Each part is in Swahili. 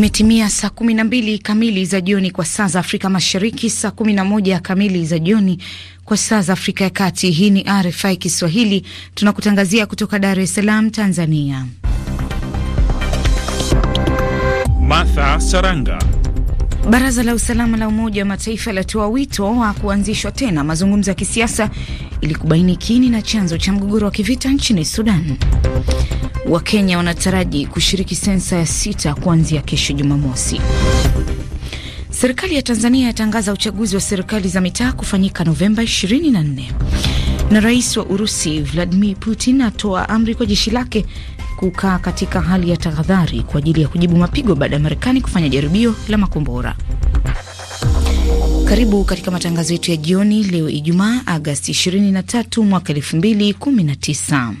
Imetimia saa 12 kamili za jioni kwa saa za Afrika Mashariki, saa 11 kamili za jioni kwa saa za Afrika ya Kati. Hii ni RFI Kiswahili, tunakutangazia kutoka Dar es Salaam, Tanzania. Martha Saranga. Baraza la usalama la Umoja wa Mataifa latoa wito wa kuanzishwa tena mazungumzo ya kisiasa ili kubaini kini na chanzo cha mgogoro wa kivita nchini Sudan. Wakenya wanataraji kushiriki sensa ya sita kuanzia kesho Jumamosi. Serikali ya Tanzania yatangaza uchaguzi wa serikali za mitaa kufanyika Novemba 24 na rais wa Urusi Vladimir Putin atoa amri kwa jeshi lake kukaa katika hali ya tahadhari kwa ajili ya kujibu mapigo baada ya Marekani kufanya jaribio la makombora. Karibu katika matangazo yetu ya jioni leo Ijumaa, Agasti 23 mwaka 2019.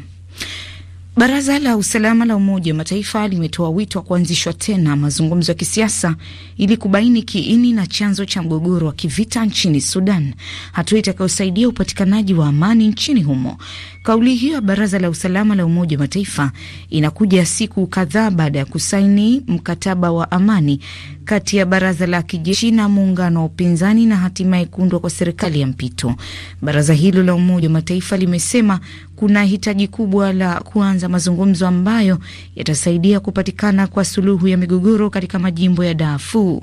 Baraza la usalama la Umoja wa Mataifa limetoa wito wa kuanzishwa tena mazungumzo ya kisiasa ili kubaini kiini na chanzo cha mgogoro wa kivita nchini Sudan, hatua itakayosaidia upatikanaji wa amani nchini humo. Kauli hiyo ya Baraza la Usalama la Umoja wa Mataifa inakuja siku kadhaa baada ya kusaini mkataba wa amani kati ya baraza la kijeshi na muungano wa upinzani na hatimaye kuundwa kwa serikali ya mpito. Baraza hilo la Umoja wa Mataifa limesema kuna hitaji kubwa la kuanza mazungumzo ambayo yatasaidia kupatikana kwa suluhu ya migogoro katika majimbo ya Darfur,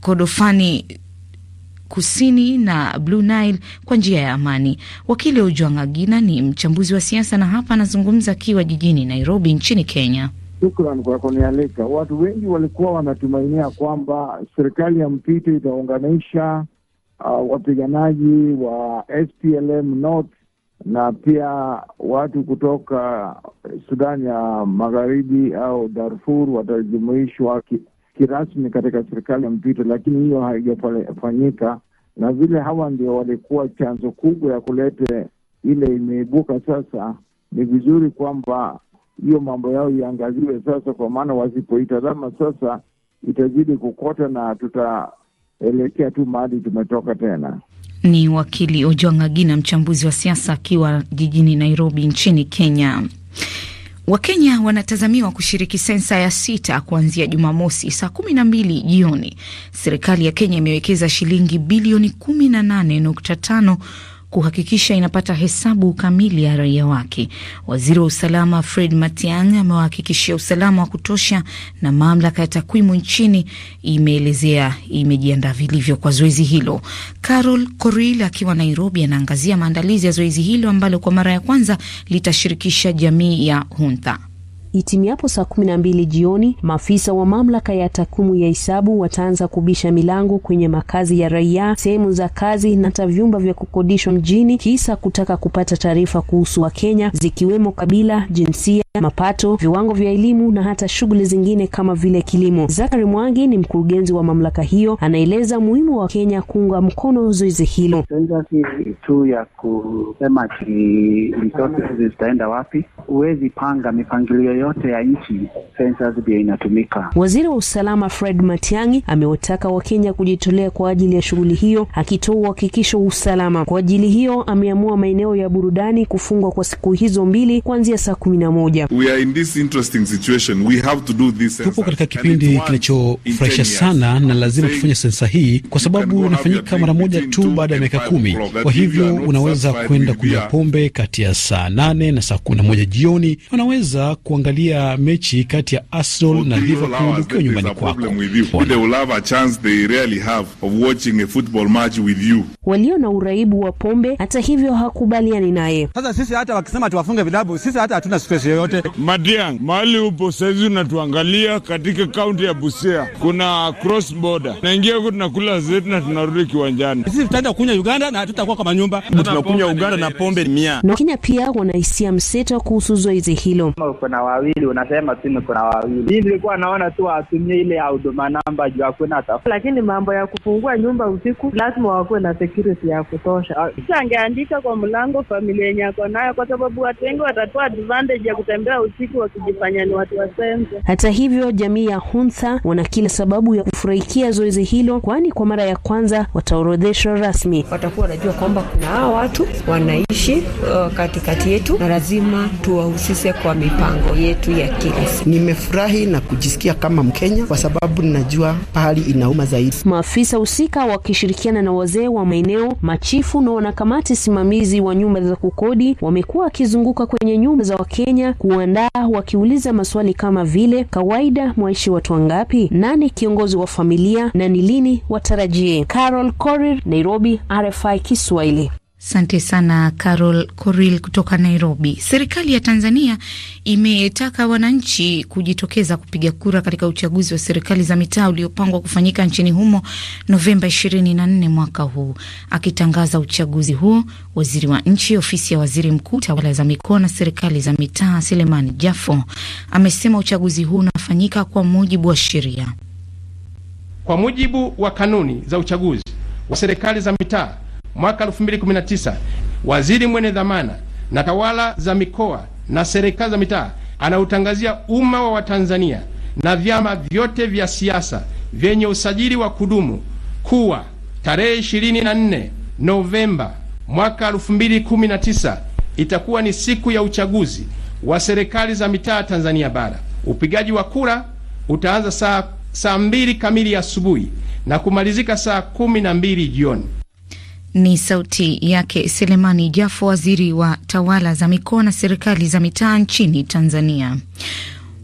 Kodofani Kusini na Blue Nile kwa njia ya amani. Wakili Ojwang' Agina ni mchambuzi wa siasa na hapa anazungumza akiwa jijini Nairobi nchini Kenya. Shukran kwa kunialika. Watu wengi walikuwa wanatumainia kwamba serikali ya mpito itaunganisha uh, wapiganaji wa SPLM North na pia watu kutoka Sudan ya Magharibi au Darfur watajumuishwa kirasmi katika serikali ya mpito, lakini hiyo haijafanyika na vile hawa ndio walikuwa chanzo kubwa ya kulete ile imeibuka sasa, ni vizuri kwamba hiyo mambo yao iangaziwe sasa, kwa maana wasipoitazama sasa itazidi kukota na tutaelekea tu mahali tumetoka tena. Ni wakili Ojwang'agina, mchambuzi wa siasa akiwa jijini Nairobi nchini Kenya. Wakenya wanatazamiwa kushiriki sensa ya sita kuanzia Jumamosi saa kumi na mbili jioni. Serikali ya Kenya imewekeza shilingi bilioni kumi na nane nukta tano kuhakikisha inapata hesabu kamili ya raia wake. Waziri wa usalama Fred Matiang amewahakikishia usalama wa kutosha, na mamlaka ya takwimu nchini imeelezea imejiandaa vilivyo kwa zoezi hilo. Carol Koril akiwa Nairobi anaangazia maandalizi ya zoezi hilo ambalo kwa mara ya kwanza litashirikisha jamii ya Hunta. Itimiapo saa mbili jioni, maafisa wa mamlaka ya takwimu ya hisabu wataanza kubisha milango kwenye makazi ya raia, sehemu za kazi na hata vyumba vya kukodishwa mjini, kisa kutaka kupata taarifa kuhusu Wakenya zikiwemo kabila, jinsia mapato, viwango vya elimu na hata shughuli zingine kama vile kilimo. Zakari Mwangi ni mkurugenzi wa mamlaka hiyo, anaeleza muhimu wa Kenya kuunga mkono zoezi hilo. tu ya kusema zitaenda wapi, huwezi panga mipangilio yote ya nchi, inatumika. Waziri wa usalama Fred Matiang'i amewataka Wakenya kujitolea kwa ajili ya shughuli hiyo, akitoa uhakikisho usalama. Kwa ajili hiyo, ameamua maeneo ya burudani kufungwa kwa siku hizo mbili kuanzia saa kumi na moja. Tupo katika kipindi kinachofurahisha sana, na lazima tufanye sensa hii kwa sababu inafanyika mara moja tu baada ya miaka kumi. Kwa hivyo unaweza kwenda kunywa pombe kati ya saa nane na saa kumi na moja jioni. Unaweza kuangalia mechi kati ya Arsenal na Liverpool ukiwa nyumbani kwako. Walio na uraibu wa pombe, hata hivyo, hakubaliani naye. Sasa sisi hata wakisema tuwafunge vilabu, sisi hata hatuna stress yoyote wote. Madiang, mahali upo saizi unatuangalia katika kaunti ya Busia, kuna cross border, naingia huko tunakula zetu na tunarudi kiwanjani. Sisi tutaenda kunywa Uganda na hatutakuwa kwa manyumba, tunakunywa Uganda na pombe mia. Wakenya pia wanahisia mseto kuhusu zoezi hilo. Kuna wawili unasema timu, kuna wawili hii, nilikuwa naona tu watumie ile ya huduma namba juu hakuna tafuta, lakini mambo ya kufungua nyumba usiku lazima wakuwe na security ya kutosha. angeandika kwa mlango familia yenye ako nayo, kwa sababu watu wengi watatoa advantage ya kutembea wanatembea usiku wakijifanya ni watu wa sensa. Hata hivyo, jamii ya Huntha wana kila sababu ya kufurahikia zoezi hilo, kwani kwa mara ya kwanza wataorodheshwa rasmi. Watakuwa wanajua kwamba kuna hawa watu wanaishi uh, katikati yetu na lazima tuwahusishe kwa mipango yetu ya kila siku. Nimefurahi na kujisikia kama Mkenya kwa sababu ninajua pahali inauma zaidi. Maafisa husika wakishirikiana na wazee wa maeneo, machifu na wanakamati simamizi wa nyumba za kukodi wamekuwa wakizunguka kwenye nyumba za Wakenya ku huandaa wakiuliza maswali kama vile kawaida mwaishi watu wangapi, nani kiongozi wa familia na ni lini watarajie. Carol Korir, Nairobi, RFI Kiswahili. Asante sana Carol coril kutoka Nairobi. Serikali ya Tanzania imetaka wananchi kujitokeza kupiga kura katika uchaguzi wa serikali za mitaa uliopangwa kufanyika nchini humo Novemba 24 mwaka huu. Akitangaza uchaguzi huo, waziri wa nchi ofisi ya waziri mkuu, tawala za mikoa na serikali za mitaa, Selemani Jafo amesema uchaguzi huu unafanyika kwa mujibu wa sheria, kwa mujibu wa kanuni za uchaguzi wa serikali za mitaa mwaka 2019 waziri mwenye dhamana na tawala za mikoa na serikali za mitaa anautangazia umma wa Watanzania na vyama vyote vya siasa vyenye usajili wa kudumu kuwa tarehe 24 Novemba mwaka 2019 itakuwa ni siku ya uchaguzi wa serikali za mitaa Tanzania bara. Upigaji wa kura utaanza saa, saa mbili kamili asubuhi na kumalizika saa kumi na mbili jioni. Ni sauti yake Selemani Jafo, waziri wa tawala za mikoa na serikali za mitaa nchini Tanzania.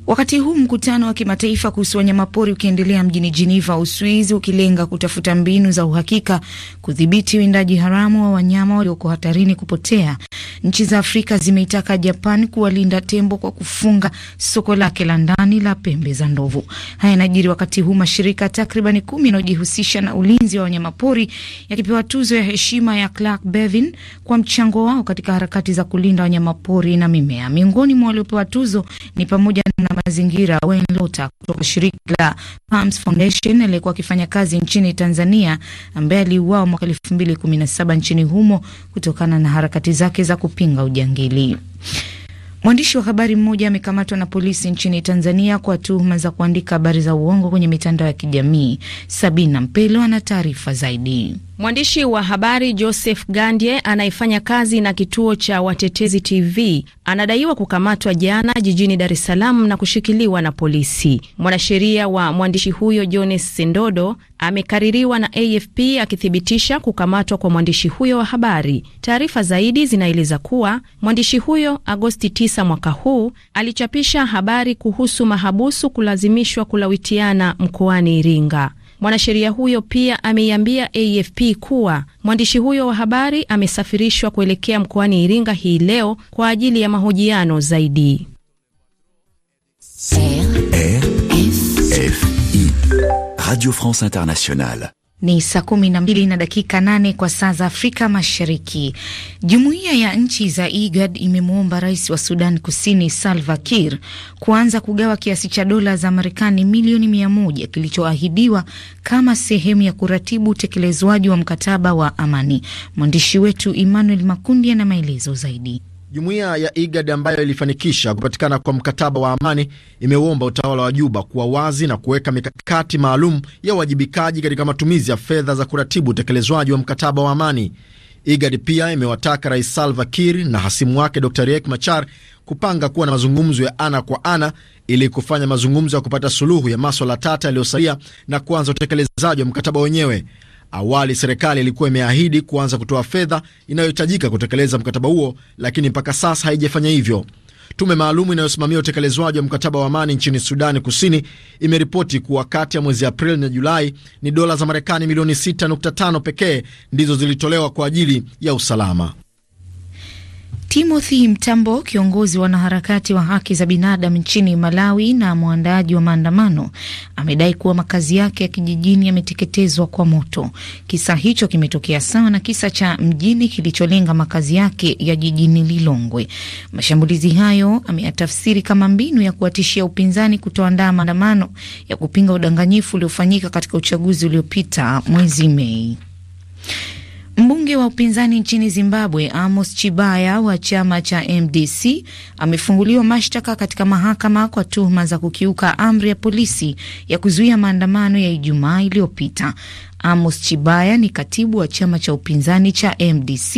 Wakati huu mkutano wa kimataifa kuhusu wanyamapori ukiendelea mjini jeneva Uswizi, ukilenga kutafuta mbinu za uhakika kudhibiti uwindaji haramu wa wanyama walioko hatarini kupotea, nchi za Afrika zimeitaka Japan kuwalinda tembo kwa kufunga soko lake la ndani la pembe za ndovu. Haya yanajiri wakati huu mashirika takribani kumi yanayojihusisha na ulinzi wa wanyamapori yakipewa tuzo ya heshima ya Clark Bevin kwa mchango wao katika harakati za kulinda wanyamapori na mimea. Miongoni mwa waliopewa tuzo ni pamoja na mazingira Wayne Luta kutoka shirika la Palms Foundation aliyekuwa akifanya kazi nchini Tanzania, ambaye aliuawa mwaka 2017 nchini humo kutokana na harakati zake za kupinga ujangili. Mwandishi wa habari mmoja amekamatwa na polisi nchini Tanzania kwa tuhuma za kuandika habari za uongo kwenye mitandao ya kijamii. Sabina Mpelo ana taarifa zaidi. Mwandishi wa habari Joseph Gandie anayefanya kazi na kituo cha Watetezi TV anadaiwa kukamatwa jana jijini Dar es Salaam na kushikiliwa na polisi. Mwanasheria wa mwandishi huyo Jones Sendodo amekaririwa na AFP akithibitisha kukamatwa kwa mwandishi huyo wa habari. Taarifa zaidi zinaeleza kuwa mwandishi huyo Agosti 9 mwaka huu alichapisha habari kuhusu mahabusu kulazimishwa kulawitiana mkoani Iringa. Mwanasheria huyo pia ameiambia AFP kuwa mwandishi huyo wa habari amesafirishwa kuelekea mkoani Iringa hii leo kwa ajili ya mahojiano zaidi. Radio France Internationale. Ni saa kumi na mbili na dakika nane kwa saa za Afrika Mashariki. Jumuiya ya nchi za IGAD imemwomba rais wa Sudan Kusini Salva Kiir kuanza kugawa kiasi cha dola za Marekani milioni mia moja kilichoahidiwa kama sehemu ya kuratibu utekelezwaji wa mkataba wa amani. Mwandishi wetu Emmanuel Makundi ana maelezo zaidi. Jumuiya ya IGAD ambayo ilifanikisha kupatikana kwa mkataba wa amani imeuomba utawala wa Juba kuwa wazi na kuweka mikakati maalum ya uwajibikaji katika matumizi ya fedha za kuratibu utekelezwaji wa mkataba wa amani. IGAD pia imewataka Rais Salva Kiir na hasimu wake Dr Riek Machar kupanga kuwa na mazungumzo ya ana kwa ana ili kufanya mazungumzo ya kupata suluhu ya maswala tata yaliyosalia na kuanza utekelezaji wa mkataba wenyewe. Awali serikali ilikuwa imeahidi kuanza kutoa fedha inayohitajika kutekeleza mkataba huo, lakini mpaka sasa haijafanya hivyo. Tume maalumu inayosimamia utekelezwaji wa mkataba wa amani nchini Sudani Kusini imeripoti kuwa kati ya mwezi Aprili na Julai ni dola za Marekani milioni 6.5 pekee ndizo zilitolewa kwa ajili ya usalama. Timothy Mtambo, kiongozi wa wanaharakati wa haki za binadamu nchini Malawi na mwandaaji wa maandamano, amedai kuwa makazi yake ya kijijini yameteketezwa kwa moto. Kisa hicho kimetokea sawa na kisa cha mjini kilicholenga makazi yake ya jijini Lilongwe. Mashambulizi hayo ameyatafsiri kama mbinu ya kuwatishia upinzani kutoandaa maandamano ya kupinga udanganyifu uliofanyika katika uchaguzi uliopita mwezi Mei. Mbunge wa upinzani nchini Zimbabwe Amos Chibaya wa chama cha MDC amefunguliwa mashtaka katika mahakama kwa tuhuma za kukiuka amri ya polisi ya kuzuia maandamano ya Ijumaa iliyopita. Amos Chibaya ni katibu wa chama cha upinzani cha MDC,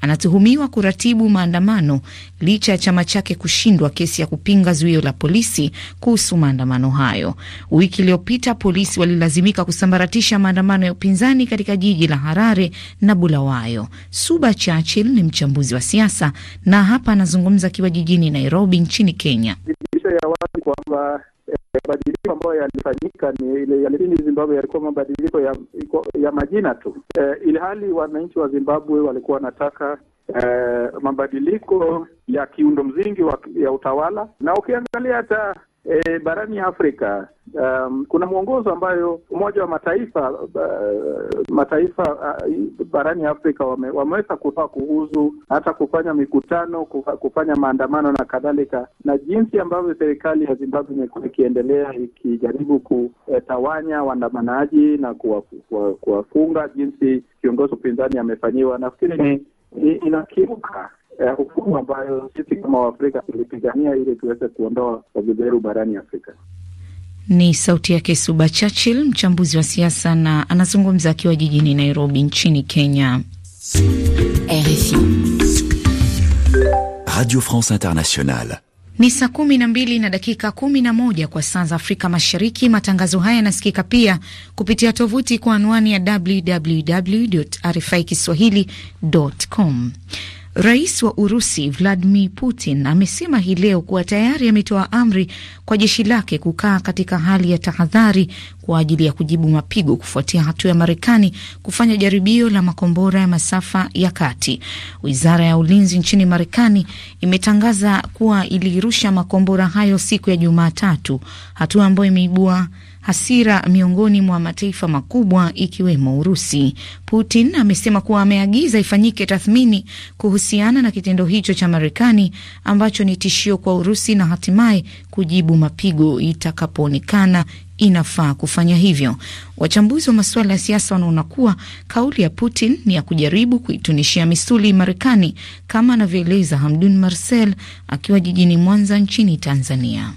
anatuhumiwa kuratibu maandamano licha ya chama chake kushindwa kesi ya kupinga zuio la polisi kuhusu maandamano hayo. Wiki iliyopita polisi walilazimika kusambaratisha maandamano ya upinzani katika jiji la Harare na Bulawayo. Suba Churchill ni mchambuzi wa siasa na hapa anazungumza akiwa jijini Nairobi nchini Kenya. ya kwamba mabadiliko ambayo yalifanyika ni ile Zimbabwe yalikuwa mabadiliko ya, ya majina tu ili eh, ilhali wananchi wa Zimbabwe walikuwa wanataka eh, mabadiliko ya kiundo wa, ya utawala, na ukiangalia hata E, barani Afrika um, kuna mwongozo ambayo Umoja wa Mataifa ba, uh, mataifa uh, barani Afrika wame, wameweza kutoa kuhusu hata kufanya mikutano kufa, kufanya maandamano na kadhalika, na jinsi ambavyo serikali ya Zimbabwe imekuwa ikiendelea ikijaribu kutawanya waandamanaji na kuwafunga kuwa, jinsi kiongozi upinzani amefanyiwa, nafikiri ni inakiuka hukumu ambayo sisi kama Waafrika tulipigania ili tuweze kuondoa wabeberu barani Afrika. Ni sauti yake Suba Churchill, mchambuzi wa siasa, na anazungumza akiwa jijini Nairobi nchini Kenya. RFI, Radio France Internationale. Ni saa kumi na mbili na dakika kumi na moja kwa saa za Afrika Mashariki. Matangazo haya yanasikika pia kupitia tovuti kwa anwani ya www rfi Rais wa Urusi Vladimir Putin amesema hii leo kuwa tayari ametoa amri kwa jeshi lake kukaa katika hali ya tahadhari kwa ajili ya kujibu mapigo kufuatia hatua ya Marekani kufanya jaribio la makombora ya masafa ya kati. Wizara ya ulinzi nchini Marekani imetangaza kuwa ilirusha makombora hayo siku ya Jumatatu, hatua ambayo imeibua hasira miongoni mwa mataifa makubwa ikiwemo Urusi. Putin amesema kuwa ameagiza ifanyike tathmini kuhusiana na kitendo hicho cha Marekani ambacho ni tishio kwa Urusi na hatimaye kujibu mapigo itakapoonekana inafaa kufanya hivyo. Wachambuzi wa masuala ya siasa wanaona kuwa kauli ya Putin ni ya kujaribu kuitunishia misuli Marekani, kama anavyoeleza Hamdun Marcel akiwa jijini Mwanza nchini Tanzania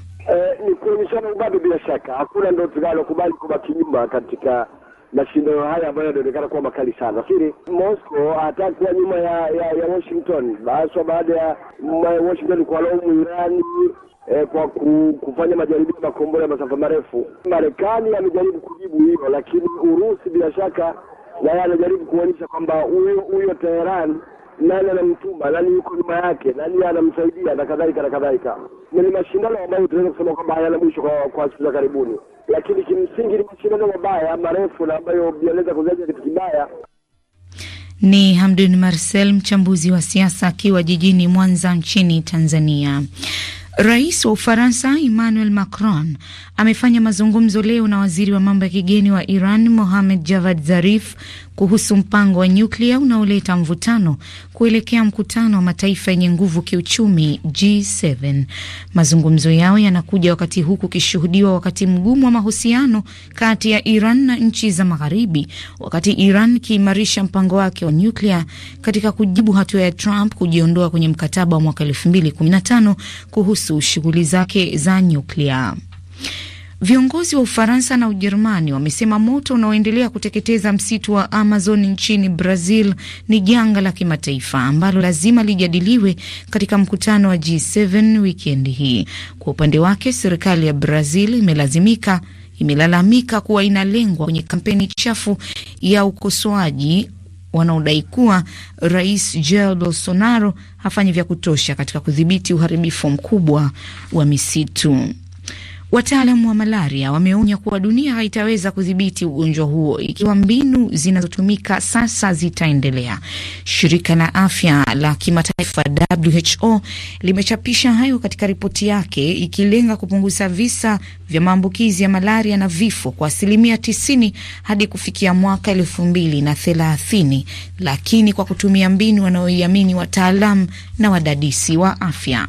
bado bila shaka hakuna ndo tunalokubali kubaki nyuma katika mashindano haya ambayo yanaonekana kuwa makali sana. Nafikiri Moscow atakuwa kuwa nyuma ya, ya, ya Washington haswa baada ya Washington kuwalaumu Irani eh, kwa ku, kufanya majaribio ya makombora ya masafa marefu. Marekani amejaribu kujibu hiyo, lakini Urusi bila shaka naye anajaribu kuonyesha kwamba huyo huyo Teheran nani anamtuma, nani yuko nyuma yake, nani anamsaidia na kadhalika na kadhalika. Na ni mashindano ambayo tunaweza kusema kwamba hayana mwisho kwa, kwa siku za karibuni, lakini kimsingi ni mashindano mabaya marefu na ambayo yanaweza kuzaja kitu kibaya. Ni Hamdun Marcel, mchambuzi wa siasa akiwa jijini Mwanza nchini Tanzania. Rais wa Ufaransa Emmanuel Macron amefanya mazungumzo leo na waziri wa mambo ya kigeni wa Iran Mohamed Javad Zarif kuhusu mpango wa nyuklia unaoleta mvutano kuelekea mkutano wa mataifa yenye nguvu kiuchumi G7. Mazungumzo yao yanakuja wakati huu kukishuhudiwa wakati mgumu wa mahusiano kati ya Iran na nchi za Magharibi, wakati Iran ikiimarisha mpango wake wa nyuklia katika kujibu hatua ya Trump kujiondoa kwenye mkataba wa mwaka 2015 kuhusu shughuli zake za nyuklia. Viongozi wa Ufaransa na Ujerumani wamesema moto unaoendelea kuteketeza msitu wa Amazon nchini Brazil ni janga la kimataifa ambalo lazima lijadiliwe katika mkutano wa G7 wikendi hii. Kwa upande wake, serikali ya Brazil imelazimika imelalamika kuwa inalengwa kwenye kampeni chafu ya ukosoaji wanaodai kuwa Rais Jair Bolsonaro hafanyi vya kutosha katika kudhibiti uharibifu mkubwa wa misitu. Wataalamu wa malaria wameonya kuwa dunia haitaweza kudhibiti ugonjwa huo ikiwa mbinu zinazotumika sasa zitaendelea. Shirika la afya la kimataifa WHO limechapisha hayo katika ripoti yake ikilenga kupunguza visa vya maambukizi ya malaria na vifo kwa asilimia tisini hadi kufikia mwaka elfu mbili na thelathini, lakini kwa kutumia mbinu wanaoiamini wataalamu na wadadisi wa afya.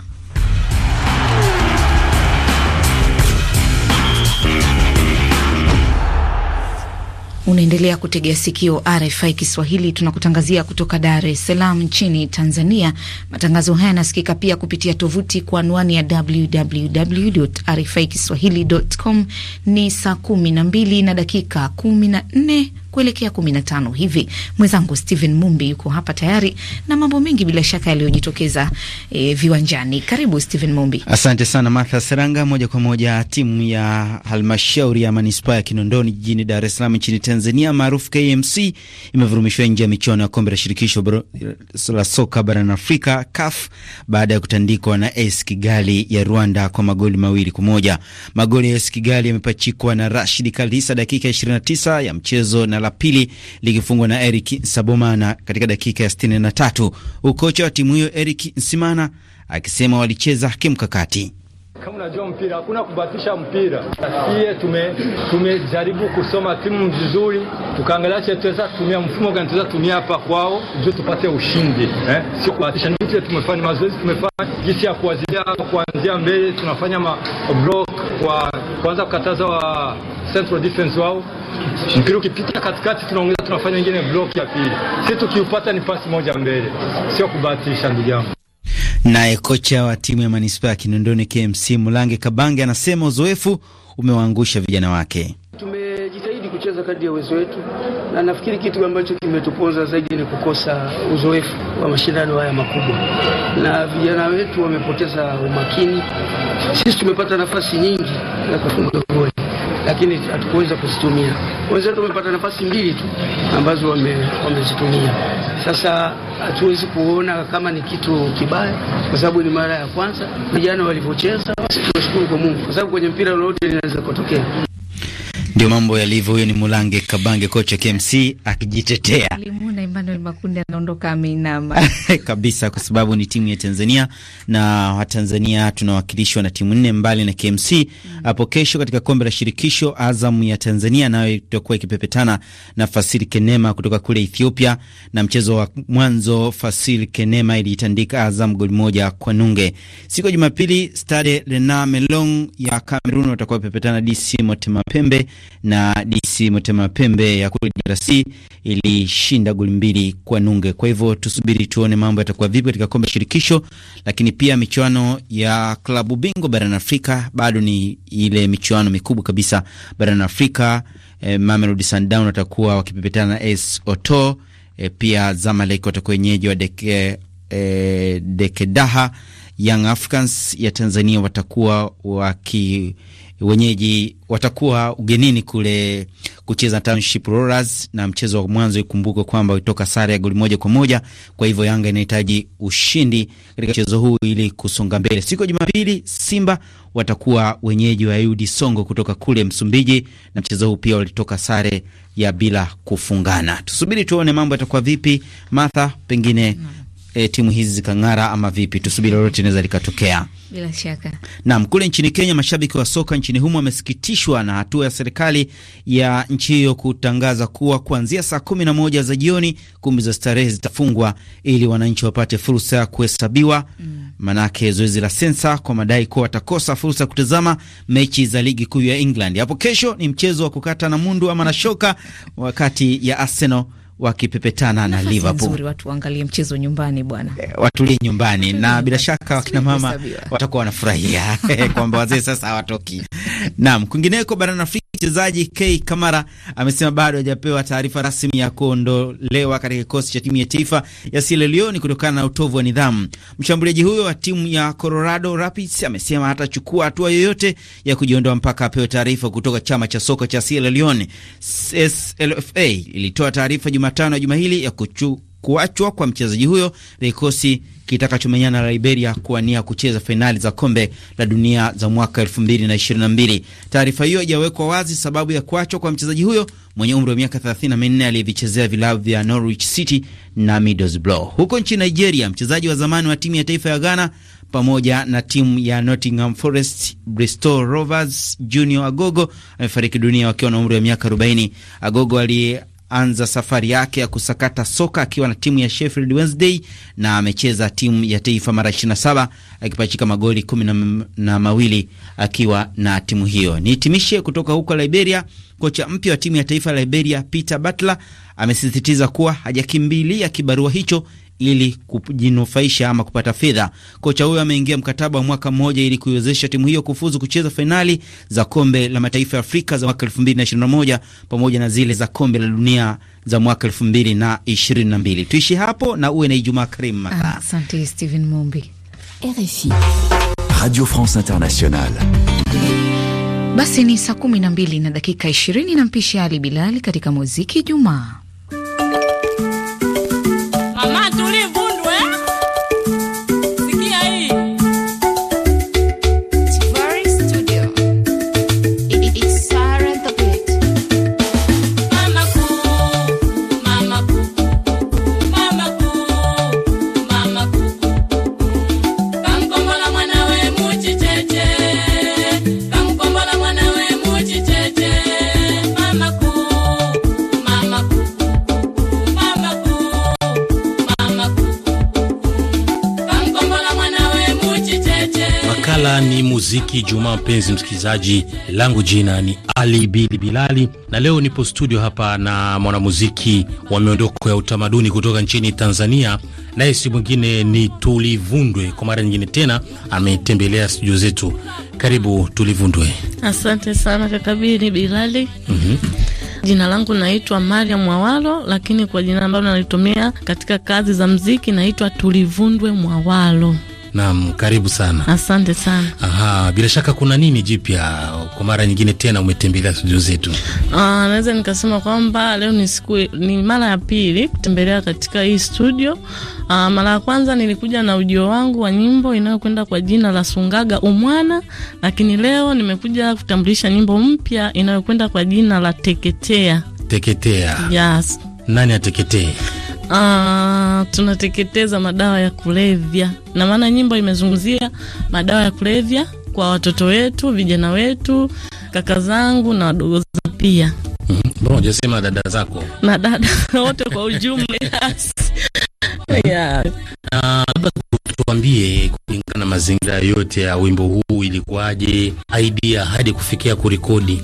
Unaendelea kutegea sikio RFI Kiswahili, tunakutangazia kutoka Dar es Salaam nchini Tanzania. Matangazo haya yanasikika pia kupitia tovuti kwa anwani ya www RFI kiswahili com. Ni saa kumi na mbili na dakika kumi na nne kuelekea 15 hivi. Mwenzangu Steven Mumbi yuko hapa tayari na mambo mengi bila shaka yaliyojitokeza e, viwanjani. Karibu Steven Mumbi. Asante sana Martha Seranga. Moja kwa moja, timu ya halmashauri ya manispaa ya Kinondoni jijini Dar es Salaam nchini Tanzania maarufu KMC imevurumishwa nje ya michuano ya kombe la shirikisho la soka barani Afrika CAF baada ya kutandikwa na AS Kigali ya Rwanda kwa magoli mawili kwa moja. Magoli ya AS Kigali yamepachikwa na Rashid Kalisa dakika 29 ya mchezo na la pili likifungwa na Eric Sabomana katika dakika ya tatu. ukocha wa timu hiyo Eric simana akisema walicheza kimkakati. Kama unajua mpira hakuna kubatisha mpira. Sie tumejaribu kusoma timu vizuri, tukaangalia che tuweza tumia mfumo gani tuweza tumia hapa kwao ndio tupate ushindi eh? Sio kubatisha, ni vile tumefanya mazoezi, tumefanya jinsi ya kuanzia kuanzia mbele, tunafanya ma block kwa kwanza kukataza wa central defense wao, mpira ukipita katikati tunaongeza tunafanya wengine block ya pili, si tukiupata ni pasi moja mbele, sio kubahatisha ndugu yangu. Naye kocha wa timu ya manispaa ya Kinondoni KMC Mulange Kabange anasema uzoefu umewaangusha vijana wake Tume kucheza kadri ya uwezo wetu, na nafikiri kitu ambacho kimetuponza zaidi ni kukosa uzoefu wa mashindano haya makubwa, na vijana wetu wamepoteza umakini. Sisi tumepata nafasi nyingi za kufunga goli lakini hatukuweza kuzitumia. Wenzetu wamepata nafasi mbili tu ambazo wamezitumia, wame sasa hatuwezi kuona kama ni kitu kibaya, kwa sababu ni mara ya kwanza vijana walivyocheza. tunashukuru kwa Mungu, kwa sababu kwenye mpira lolote linaweza kutokea. Ndio mambo yalivyo. Huyo ni Mulange Kabange, kocha KMC akijitetea. Limuona Emmanuel Makunde anaondoka ameinama kabisa, kwa sababu ni timu ya Tanzania na Watanzania tunawakilishwa na timu nne mbali na KMC hapo. Mm. Kesho katika kombe la shirikisho Azamu ya Tanzania nayo itakuwa ikipepetana na Fasil Kenema kutoka kule Ethiopia, na mchezo wa mwanzo Fasil Kenema iliitandika Azam goli moja kwa nunge. Siku ya Jumapili Stade Lena Melong ya Cameroon watakuwa pepetana DC Motema Pembe na DC Motema Pembe ya kule DRC ilishinda goli mbili kwa nunge. Kwa hivyo tusubiri tuone mambo yatakuwa vipi katika kombe shirikisho, lakini pia michuano ya klabu bingwa barani Afrika bado ni ile michuano mikubwa kabisa barani Afrika. E, Mamelodi Sundowns watakuwa wakipepetana na AS Oto. E, pia Zamalek watakuwa wenyeji wa eh, Deke, e, daha. Young Africans ya Tanzania watakuwa waki wenyeji watakuwa ugenini kule kucheza Township Rollers, na mchezo wa mwanzo ikumbukwe kwamba ulitoka sare ya goli moja kwa moja. Kwa hivyo Yanga inahitaji ushindi katika mchezo huu ili kusonga mbele. Siku ya Jumapili Simba watakuwa wenyeji wa ud Songo kutoka kule Msumbiji, na mchezo huu pia walitoka sare ya bila kufungana. Tusubiri tuone mambo yatakuwa vipi, Martha, pengine mm e, timu hizi zikang'ara ama vipi? Tusubiri, lolote linaweza likatokea. Bila shaka. Naam, kule nchini Kenya, mashabiki wa soka nchini humo wamesikitishwa na hatua ya serikali ya nchi hiyo kutangaza kuwa kuanzia saa kumi na moja za jioni kumbi za starehe zitafungwa ili wananchi wapate fursa ya kuhesabiwa mm. Manake zoezi la sensa kwa madai kuwa watakosa fursa ya kutazama mechi za ligi kuu ya England. Hapo kesho ni mchezo wa kukata na mundu ama na shoka wakati ya Arsenal wakipepetana na Liverpool. Watu waangalie mchezo nyumbani bwana, eh, watulie nyumbani na bila shaka wakina mama watakuwa wanafurahia kwamba wazee sasa hawatoki. Naam, kwingineko barani Afrika, mchezaji K Kamara amesema bado hajapewa taarifa rasmi ya kuondolewa katika kikosi cha timu ya taifa ya Sierra Leone kutokana na utovu wa nidhamu. Mshambuliaji huyo wa timu ya Colorado Rapids amesema hatachukua hatua yoyote ya kujiondoa mpaka apewe taarifa kutoka chama cha soka cha Sierra Leone. SLFA ilitoa taarifa Jumatano ya juma hili ya kuchu kuachwa kwa mchezaji huyo na kikosi kitakachomenyana na Liberia kuwania kucheza fainali za kombe la dunia za mwaka 2022. Taarifa hiyo haijawekwa wazi sababu ya kuachwa kwa mchezaji huyo mwenye umri wa miaka 34 aliyevichezea vilabu vya Norwich City na Middlesbrough. Huko nchini Nigeria, mchezaji wa zamani wa timu ya taifa ya Ghana pamoja na timu ya Nottingham Forest Bristol Rovers Junior Agogo amefariki dunia wakiwa na umri wa miaka 40. Agogo aliye anza safari yake ya kusakata soka akiwa na timu ya Sheffield Wednesday na amecheza timu ya taifa mara 27 akipachika magoli kumi na mawili akiwa na timu hiyo. Nihitimishe kutoka huko Liberia. Kocha mpya wa timu ya taifa ya Liberia Peter Butler amesisitiza kuwa hajakimbilia kibarua hicho ili kujinufaisha ama kupata fedha. Kocha huyo ameingia mkataba wa mwaka mmoja ili kuiwezesha timu hiyo kufuzu kucheza fainali za kombe la mataifa ya Afrika za mwaka 2021 pamoja na zile za kombe la dunia za mwaka 2022. Tuishi hapo na uwe na Ijumaa karimu Asante Steven Mumbi. RFI Radio France Internationale. Basi ni saa 12 na dakika 20 na mpisha Ali Bilali katika muziki Ijumaa. kubariki Jumaa, mpenzi msikilizaji, langu jina ni Ali Bili Bilali, na leo nipo studio hapa na mwanamuziki wa miondoko ya utamaduni kutoka nchini Tanzania, naye si mwingine ni Tulivundwe. Kwa mara nyingine tena ametembelea studio zetu. Karibu Tulivundwe. Asante sana kaka Bili Bilali. mm -hmm. Jina langu naitwa Mariam Mwawalo, lakini kwa jina ambalo nalitumia katika kazi za mziki naitwa Tulivundwe Mwawalo. Naam, karibu sana. Asante sana. Aha, bila shaka kuna nini jipya kwa mara nyingine tena umetembelea studio zetu? Ah, naweza nikasema kwamba leo ni siku ni mara ya pili kutembelea katika hii studio. Ah, mara ya kwanza nilikuja na ujio wangu wa nyimbo inayokwenda kwa jina la Sungaga Umwana, lakini leo nimekuja kutambulisha nyimbo mpya inayokwenda kwa jina la Teketea. Teketea. Yes. Nani ateketea? Uh, tunateketeza madawa ya kulevya, na maana nyimbo imezungumzia madawa ya kulevya kwa watoto wetu, vijana wetu, kaka zangu na wadogo zangu pia. Mm, mbona hujasema dada zako na dada wote kwa ujumla? Yeah. Labda tuambie kulingana na mazingira yote ya wimbo huu ilikuwaje idea hadi kufikia kurekodi?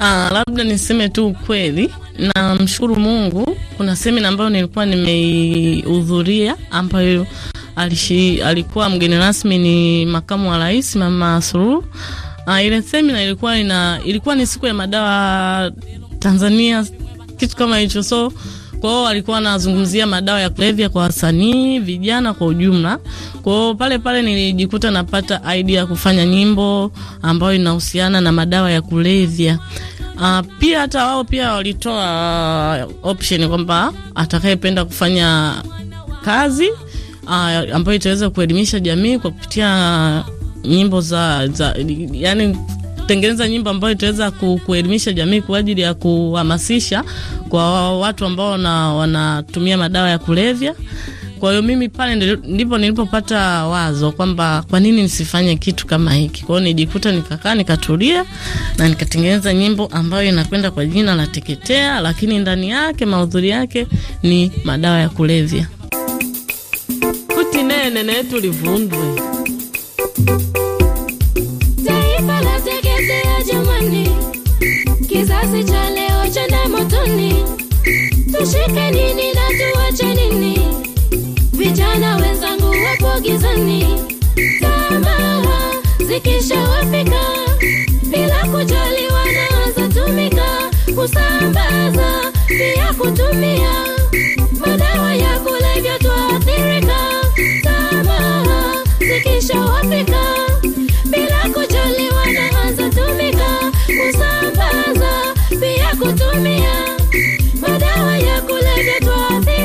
Aa, ah, labda niseme tu ukweli, namshukuru Mungu. Kuna semina ambayo nilikuwa nimeihudhuria ambayo alishi, alikuwa mgeni rasmi ni makamu wa rais Mama Suluhu. Ah, ile semina ilikuwa ina, ilikuwa ni siku ya madawa Tanzania, kitu kama hicho so kwa hiyo alikuwa anazungumzia madawa ya kulevya kwa wasanii vijana kwa ujumla. Kwa hiyo pale pale nilijikuta napata idea ya kufanya nyimbo ambayo inahusiana na madawa ya kulevya. Uh, pia hata wao pia walitoa uh, option kwamba atakayependa kufanya kazi uh, ambayo itaweza kuelimisha jamii kwa kupitia uh, nyimbo za, za yani kutengeneza nyimbo ambayo itaweza kuelimisha jamii kwa ajili ya kuhamasisha kwa watu ambao wanatumia madawa ya kulevya. Kwa hiyo mimi pale ndipo nilipopata wazo kwamba kwa nini nisifanye kitu kama hiki. Kwa hiyo nijikuta nikakaa nikatulia na nikatengeneza nyimbo ambayo inakwenda kwa jina la Teketea, lakini ndani yake maudhuri yake ni madawa ya kulevya. Kuti nene netu livundwe. Taifa la mzee jamani, kizazi cha leo chenda motoni, tushike nini na tuwache nini? Vijana wenzangu wapo gizani, tamaa zikishawafika bila kujali, wanaanza tumika kusambaza pia kutumia madawa ya kulevya, twaathirika tamaa zikishawafika tumia madawa ya kulevya twazi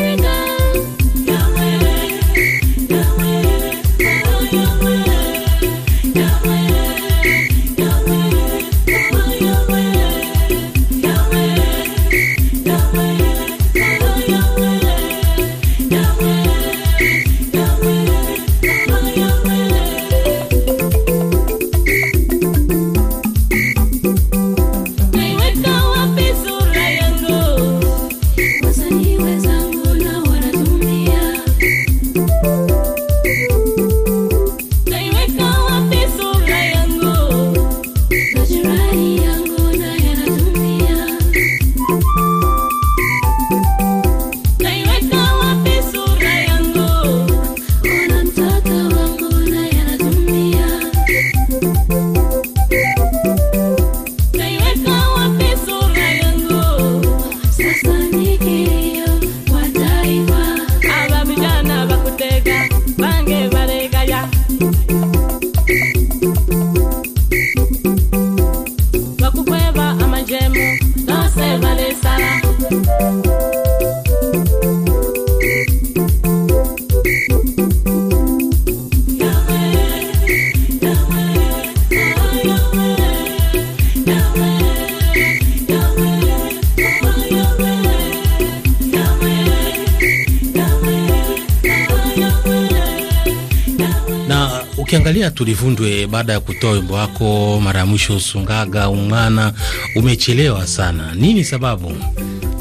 Tulivundwe, baada ya kutoa wimbo wako mara ya mwisho Usungaga Ung'ana, umechelewa sana, nini sababu?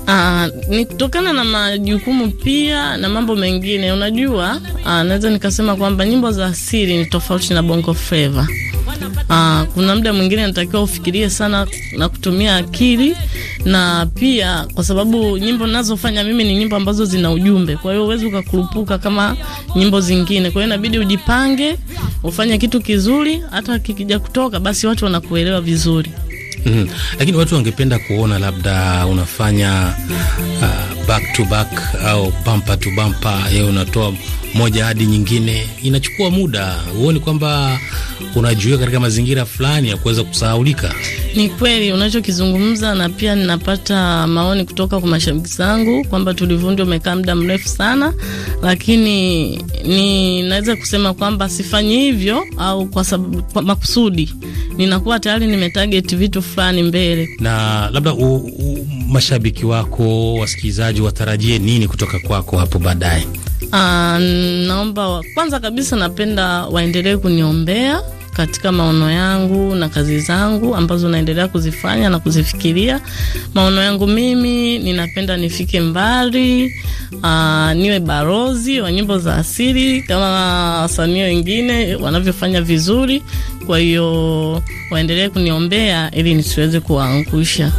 Ah, ni kutokana na majukumu pia na mambo mengine. Unajua, ah, naweza nikasema kwamba nyimbo za asili ni tofauti na bongo flava. Aa, ah, kuna muda mwingine natakiwa ufikirie sana na kutumia akili, na pia kwa sababu nyimbo ninazofanya mimi ni nyimbo ambazo zina ujumbe, kwa hiyo huwezi ukakurupuka kama nyimbo zingine. Kwa hiyo inabidi ujipange ufanye kitu kizuri, hata kikija kutoka basi watu wanakuelewa vizuri. Mm -hmm. Lakini watu wangependa kuona labda unafanya uh, back to back au bumper to bumper, yeye unatoa moja hadi nyingine, inachukua muda. Huoni kwamba unajiweka katika mazingira fulani ya kuweza kusahaulika? Ni kweli unachokizungumza, na pia ninapata maoni kutoka kwa mashabiki zangu kwamba tulivundi umekaa muda mrefu sana, lakini ninaweza kusema kwamba sifanyi hivyo au kwa sababu kwa makusudi, ninakuwa tayari nimetarget vitu fulani mbele na labda u, u, mashabiki wako, wasikilizaji watarajie nini kutoka kwako hapo baadaye? Uh, naomba kwanza kabisa, napenda waendelee kuniombea katika maono yangu na kazi zangu ambazo naendelea kuzifanya na kuzifikiria. Maono yangu mimi ninapenda nifike mbali, aa, ah, niwe barozi wa nyimbo za asili kama wasanii wengine wanavyofanya vizuri. Kwa hiyo waendelee kuniombea ili nisiweze kuwaangusha.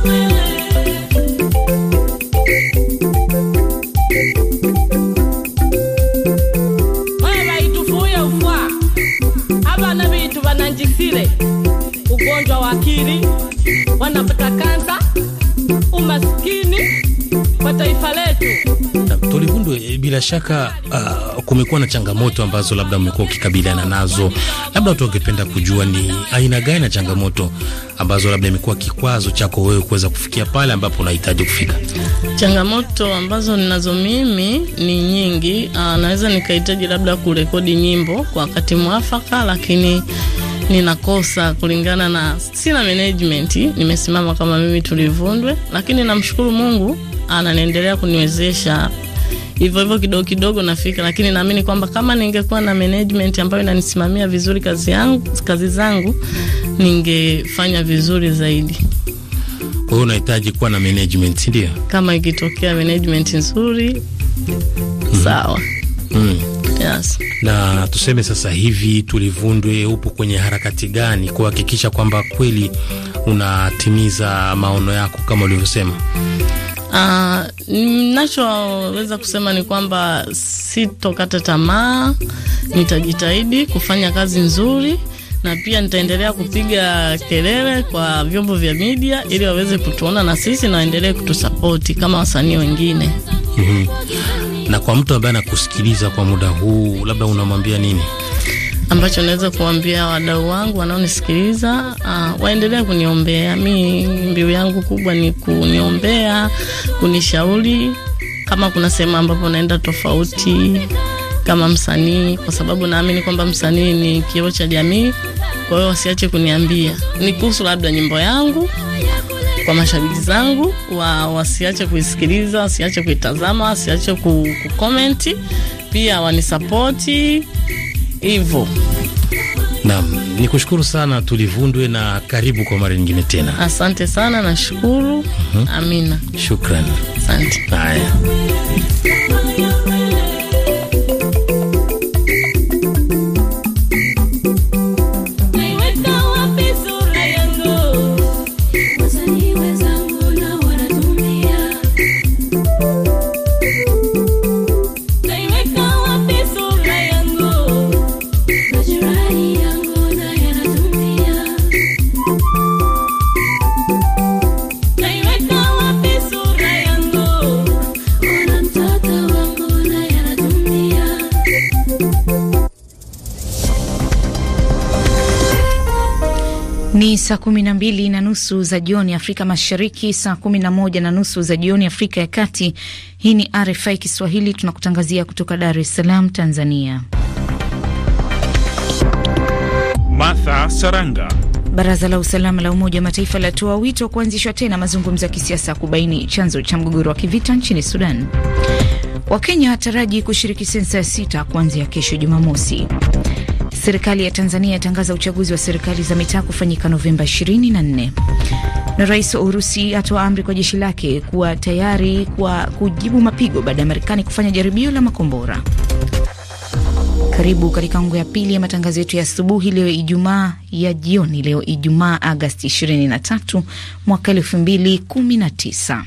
vile ugonjwa wa akili, wanapata kansa, umaskini kwa taifa letu. Tolivundu, eh, bila shaka uh, kumekuwa na changamoto ambazo labda mmekuwa ukikabiliana nazo, labda watu wangependa kujua ni aina gani na changamoto ambazo labda imekuwa kikwazo chako wewe kuweza kufikia pale ambapo unahitaji kufika. Changamoto ambazo ninazo mimi ni nyingi. Uh, naweza nikahitaji labda kurekodi nyimbo kwa wakati mwafaka, lakini ninakosa kulingana na sina management, nimesimama kama mimi tulivundwe, lakini namshukuru Mungu ananiendelea kuniwezesha hivyo hivyo kidogo kidogo nafika, lakini naamini kwamba kama ningekuwa na management ambayo inanisimamia vizuri kazi yangu, kazi zangu ningefanya vizuri zaidi. Kwa hiyo unahitaji kuwa na management, ndio kama ikitokea management nzuri mm. Sawa mm yes. Na tuseme sasa hivi Tulivundwe, upo kwenye harakati gani kuhakikisha kwamba kweli unatimiza maono yako kama ulivyosema? Uh, ninachoweza kusema ni kwamba sitokata tamaa, nitajitahidi kufanya kazi nzuri na pia nitaendelea kupiga kelele kwa vyombo vya media ili waweze kutuona na sisi na waendelee kutusapoti kama wasanii wengine. Mm -hmm. Na kwa mtu ambaye anakusikiliza kwa muda huu, labda unamwambia nini? ambacho naweza kuambia wadau wangu wanaonisikiliza, uh, waendelee kuniombea mi. Mbiu yangu kubwa ni kuniombea, kunishauri kama kuna sehemu ambapo naenda tofauti kama msanii, kwa sababu naamini kwamba msanii ni kioo cha jamii. Kwa hiyo wasiache kuniambia ni kuhusu labda nyimbo yangu kwa mashabiki zangu wa, wasiache kuisikiliza, wasiache kuitazama, wasiache kukomenti pia, wanisapoti hivyo. Naam, ni kushukuru sana Tulivundwe, na karibu kwa mara nyingine tena. Asante sana, nashukuru. uh mhm. -huh. Amina, shukran, asante. Haya. Ni saa kumi na mbili na nusu za jioni Afrika Mashariki, saa kumi na moja na nusu za jioni Afrika ya Kati. Hii ni RFI Kiswahili, tunakutangazia kutoka Dar es Salaam, Tanzania. Martha Saranga. Baraza la usalama la Umoja wa Mataifa latoa wito kuanzishwa tena mazungumzo ya kisiasa kubaini chanzo cha mgogoro wa kivita nchini Sudan. Wakenya wataraji kushiriki sensa ya sita kuanzia kesho Jumamosi. Serikali ya Tanzania yatangaza uchaguzi wa serikali za mitaa kufanyika Novemba 24. Na rais wa Urusi atoa amri kwa jeshi lake kuwa tayari kwa kujibu mapigo baada ya Marekani kufanya jaribio la makombora. Karibu katika ngo ya pili ya matangazo yetu ya asubuhi leo Ijumaa ya jioni, leo Ijumaa Agasti 23 mwaka 2019.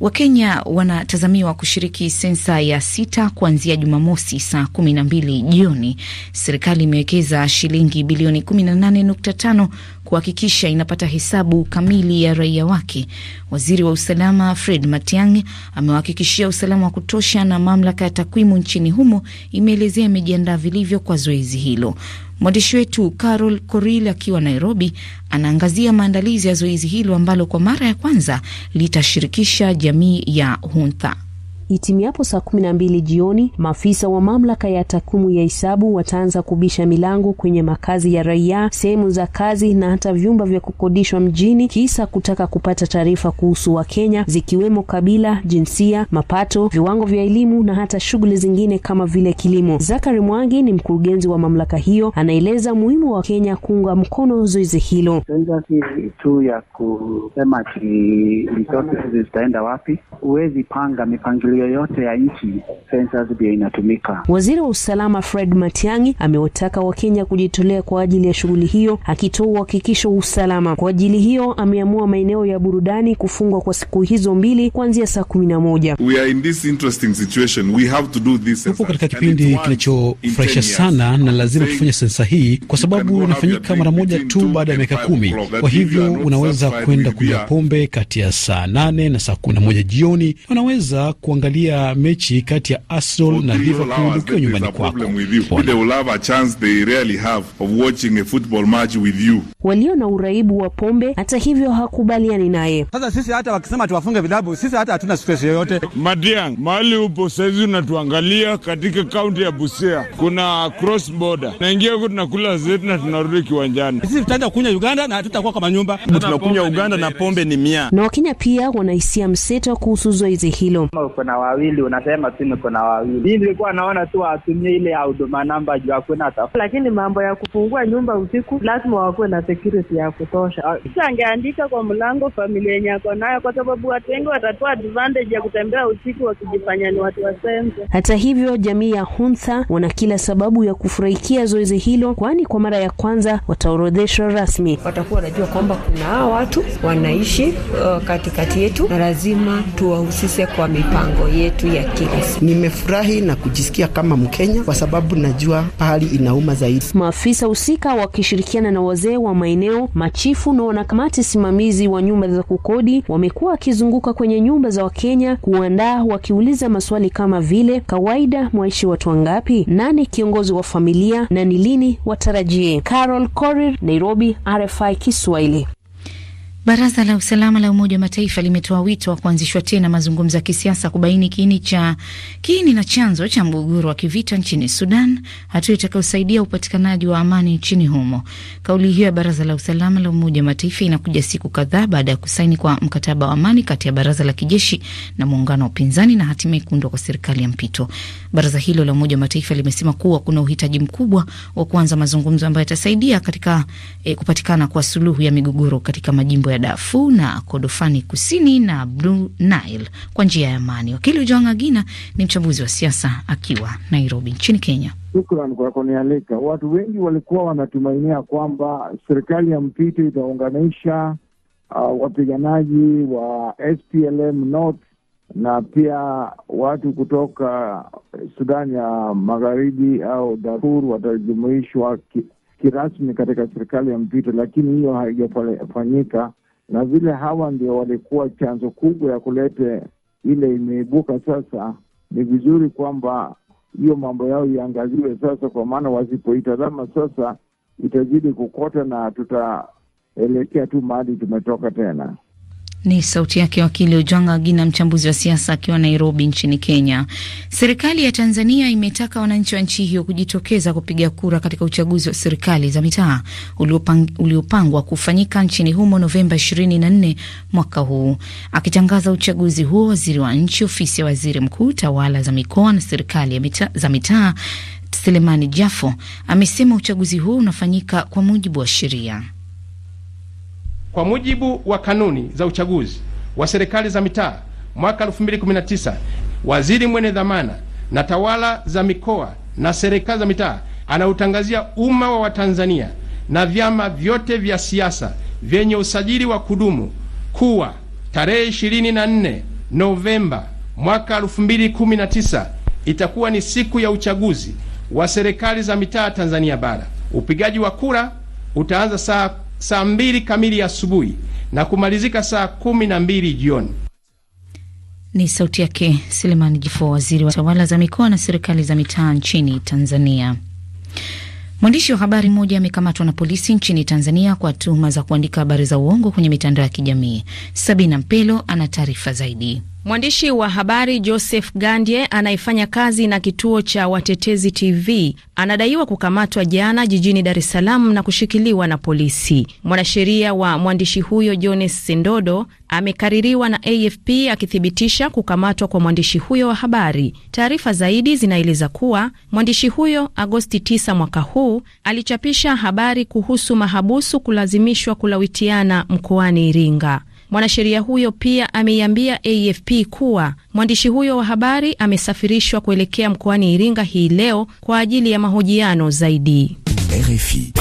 Wakenya wanatazamiwa kushiriki sensa ya sita kuanzia Jumamosi saa kumi na mbili jioni. Serikali imewekeza shilingi bilioni 18.5 kuhakikisha inapata hesabu kamili ya raia wake. Waziri wa usalama Fred matiang amewahakikishia usalama wa kutosha, na mamlaka ya takwimu nchini humo imeelezea imejiandaa vilivyo kwa zoezi hilo. Mwandishi wetu Carol Koril akiwa Nairobi anaangazia maandalizi ya zoezi hilo ambalo kwa mara ya kwanza litashirikisha jamii ya Huntha. Itimiapo saa kumi na mbili jioni, maafisa wa mamlaka ya takwimu ya hisabu wataanza kubisha milango kwenye makazi ya raia, sehemu za kazi na hata vyumba vya kukodishwa mjini, kisa kutaka kupata taarifa kuhusu Wakenya zikiwemo kabila, jinsia, mapato, viwango vya elimu na hata shughuli zingine kama vile kilimo. Zakari Mwangi ni mkurugenzi wa mamlaka hiyo, anaeleza muhimu wa Kenya kuunga mkono zoezi hilo. tu ya kusema ati zitaenda wapi, huwezi panga mipangilio yoyote ya nchi sensa pia inatumika. Waziri wa usalama Fred Matiang'i amewataka Wakenya kujitolea kwa ajili ya shughuli hiyo, akitoa uhakikisho wa usalama. Kwa ajili hiyo, ameamua maeneo ya burudani kufungwa kwa siku hizo mbili kuanzia saa kumi na moja. Tupo katika kipindi kinachofurahisha sana na lazima tufanye sensa hii kwa sababu inafanyika mara moja tu baada ya miaka kumi. Kwa hivyo unaweza kwenda kunywa pombe kati ya saa nane na saa kumi na moja jioni, unaweza kuangalia kuangalia mechi kati ya Arsenal na Liverpool ukiwa nyumbani kwako. Walio na uraibu wa pombe, hata hivyo, hakubaliani naye. Sasa sisi hata wakisema tuwafunge vilabu, sisi hata hatuna stress yoyote. Madiang, mahali upo saizi unatuangalia katika kaunti ya Busia, kuna cross border, naingia huko tunakula zetu na tunarudi kiwanjani. Sisi tutaenda kunywa Uganda na hatutakuwa kama nyumba, tunakunywa Uganda na pombe ni mia. Na Wakenya pia wanahisia mseto kuhusu zoezi hilo. Kuna wawili, unasema tu niko na wawili. hii nilikuwa naona tu watumie ile ya huduma namba juu hakuna tafuta, lakini mambo ya kufungua nyumba usiku lazima wakuwe na security ya kutosha. Ah. Sasa angeandika kwa mlango familia yenye ako nayo, kwa sababu watu wengi watatoa advantage ya kutembea usiku wakijifanya ni watu wasense. Hata hivyo, jamii ya Huntha wana kila sababu ya kufurahikia zoezi hilo, kwani kwa mara ya kwanza wataorodheshwa rasmi. Watakuwa wanajua kwamba kuna hawa watu wanaishi uh, katikati yetu na lazima tuwahusise kwa mipango mambo yetu ya kila siku. Nimefurahi na kujisikia kama Mkenya kwa sababu najua pahali inauma zaidi. Maafisa husika wakishirikiana na wazee wa maeneo, machifu na wanakamati simamizi wa nyumba za kukodi wamekuwa wakizunguka kwenye nyumba za Wakenya kuandaa, wakiuliza maswali kama vile kawaida, mwaishi watu wangapi, nani kiongozi wa familia na ni lini watarajie. Carol Korir, Nairobi, RFI Kiswahili. Baraza la usalama la Umoja wa Mataifa limetoa wito wa kuanzishwa tena mazungumzo ya kisiasa kubaini kiini cha kiini na chanzo cha mgogoro wa kivita nchini Sudan, hatua itakayosaidia upatikanaji wa amani nchini humo. Kauli hiyo ya Baraza la Usalama la Umoja wa Mataifa inakuja siku kadhaa baada ya kusaini kwa mkataba wa amani kati ya baraza la kijeshi na muungano wa upinzani na hatimaye kuundwa kwa serikali ya mpito. Baraza hilo la Umoja wa Mataifa limesema kuwa kuna uhitaji mkubwa wa kuanza mazungumzo ambayo yatasaidia katika eh, kupatikana kwa suluhu ya migogoro katika majimbo ya Dafu na Kordofani kusini na Blue Nile kwa njia ya amani. Wakili Ujoang'agina ni mchambuzi wa siasa akiwa Nairobi nchini Kenya. Shukran kwa kunialika. Watu wengi walikuwa wanatumainia kwamba serikali ya mpito itaunganisha uh, wapiganaji wa SPLM North na pia watu kutoka Sudan ya Magharibi au Darfur watajumuishwa kirasmi katika serikali ya mpito, lakini hiyo haijafanyika na vile hawa ndio walikuwa chanzo kubwa ya kulete ile imeibuka sasa, ni vizuri kwamba hiyo mambo yao iangaziwe sasa, kwa maana wasipoitazama sasa itazidi kukota na tutaelekea tu mahali tumetoka tena. Ni sauti yake wakili Ojwanga Gina, mchambuzi wa siasa akiwa Nairobi nchini Kenya. Serikali ya Tanzania imetaka wananchi wa nchi hiyo kujitokeza kupiga kura katika uchaguzi wa serikali za mitaa uliopangwa kufanyika nchini humo Novemba 24 mwaka huu. Akitangaza uchaguzi huo, waziri wa nchi ofisi ya waziri mkuu, tawala za mikoa na serikali mita, za mitaa Selemani Jafo amesema uchaguzi huo unafanyika kwa mujibu wa sheria. Kwa mujibu wa kanuni za uchaguzi wa serikali za mitaa mwaka 2019, waziri mwenye dhamana na tawala za mikoa na serikali za mitaa anautangazia umma wa Watanzania na vyama vyote vya siasa vyenye usajili wa kudumu kuwa tarehe 24 Novemba mwaka 2019 itakuwa ni siku ya uchaguzi wa serikali za mitaa Tanzania bara. Upigaji wa kura utaanza saa saa mbili kamili asubuhi na kumalizika saa kumi na mbili jioni. Ni sauti yake Selemani Jifo, waziri wa tawala za mikoa na serikali za mitaa nchini Tanzania. Mwandishi wa habari mmoja amekamatwa na polisi nchini Tanzania kwa tuhuma za kuandika habari za uongo kwenye mitandao ya kijamii. Sabina Mpelo ana taarifa zaidi. Mwandishi wa habari Joseph Gandie anayefanya kazi na kituo cha Watetezi TV anadaiwa kukamatwa jana jijini Dar es Salaam na kushikiliwa na polisi. Mwanasheria wa mwandishi huyo Jones sindodo amekaririwa na AFP akithibitisha kukamatwa kwa mwandishi huyo wa habari. Taarifa zaidi zinaeleza kuwa mwandishi huyo Agosti 9 mwaka huu alichapisha habari kuhusu mahabusu kulazimishwa kulawitiana mkoani Iringa. Mwanasheria huyo pia ameiambia AFP kuwa mwandishi huyo wa habari amesafirishwa kuelekea mkoani Iringa hii leo kwa ajili ya mahojiano zaidi. RFI.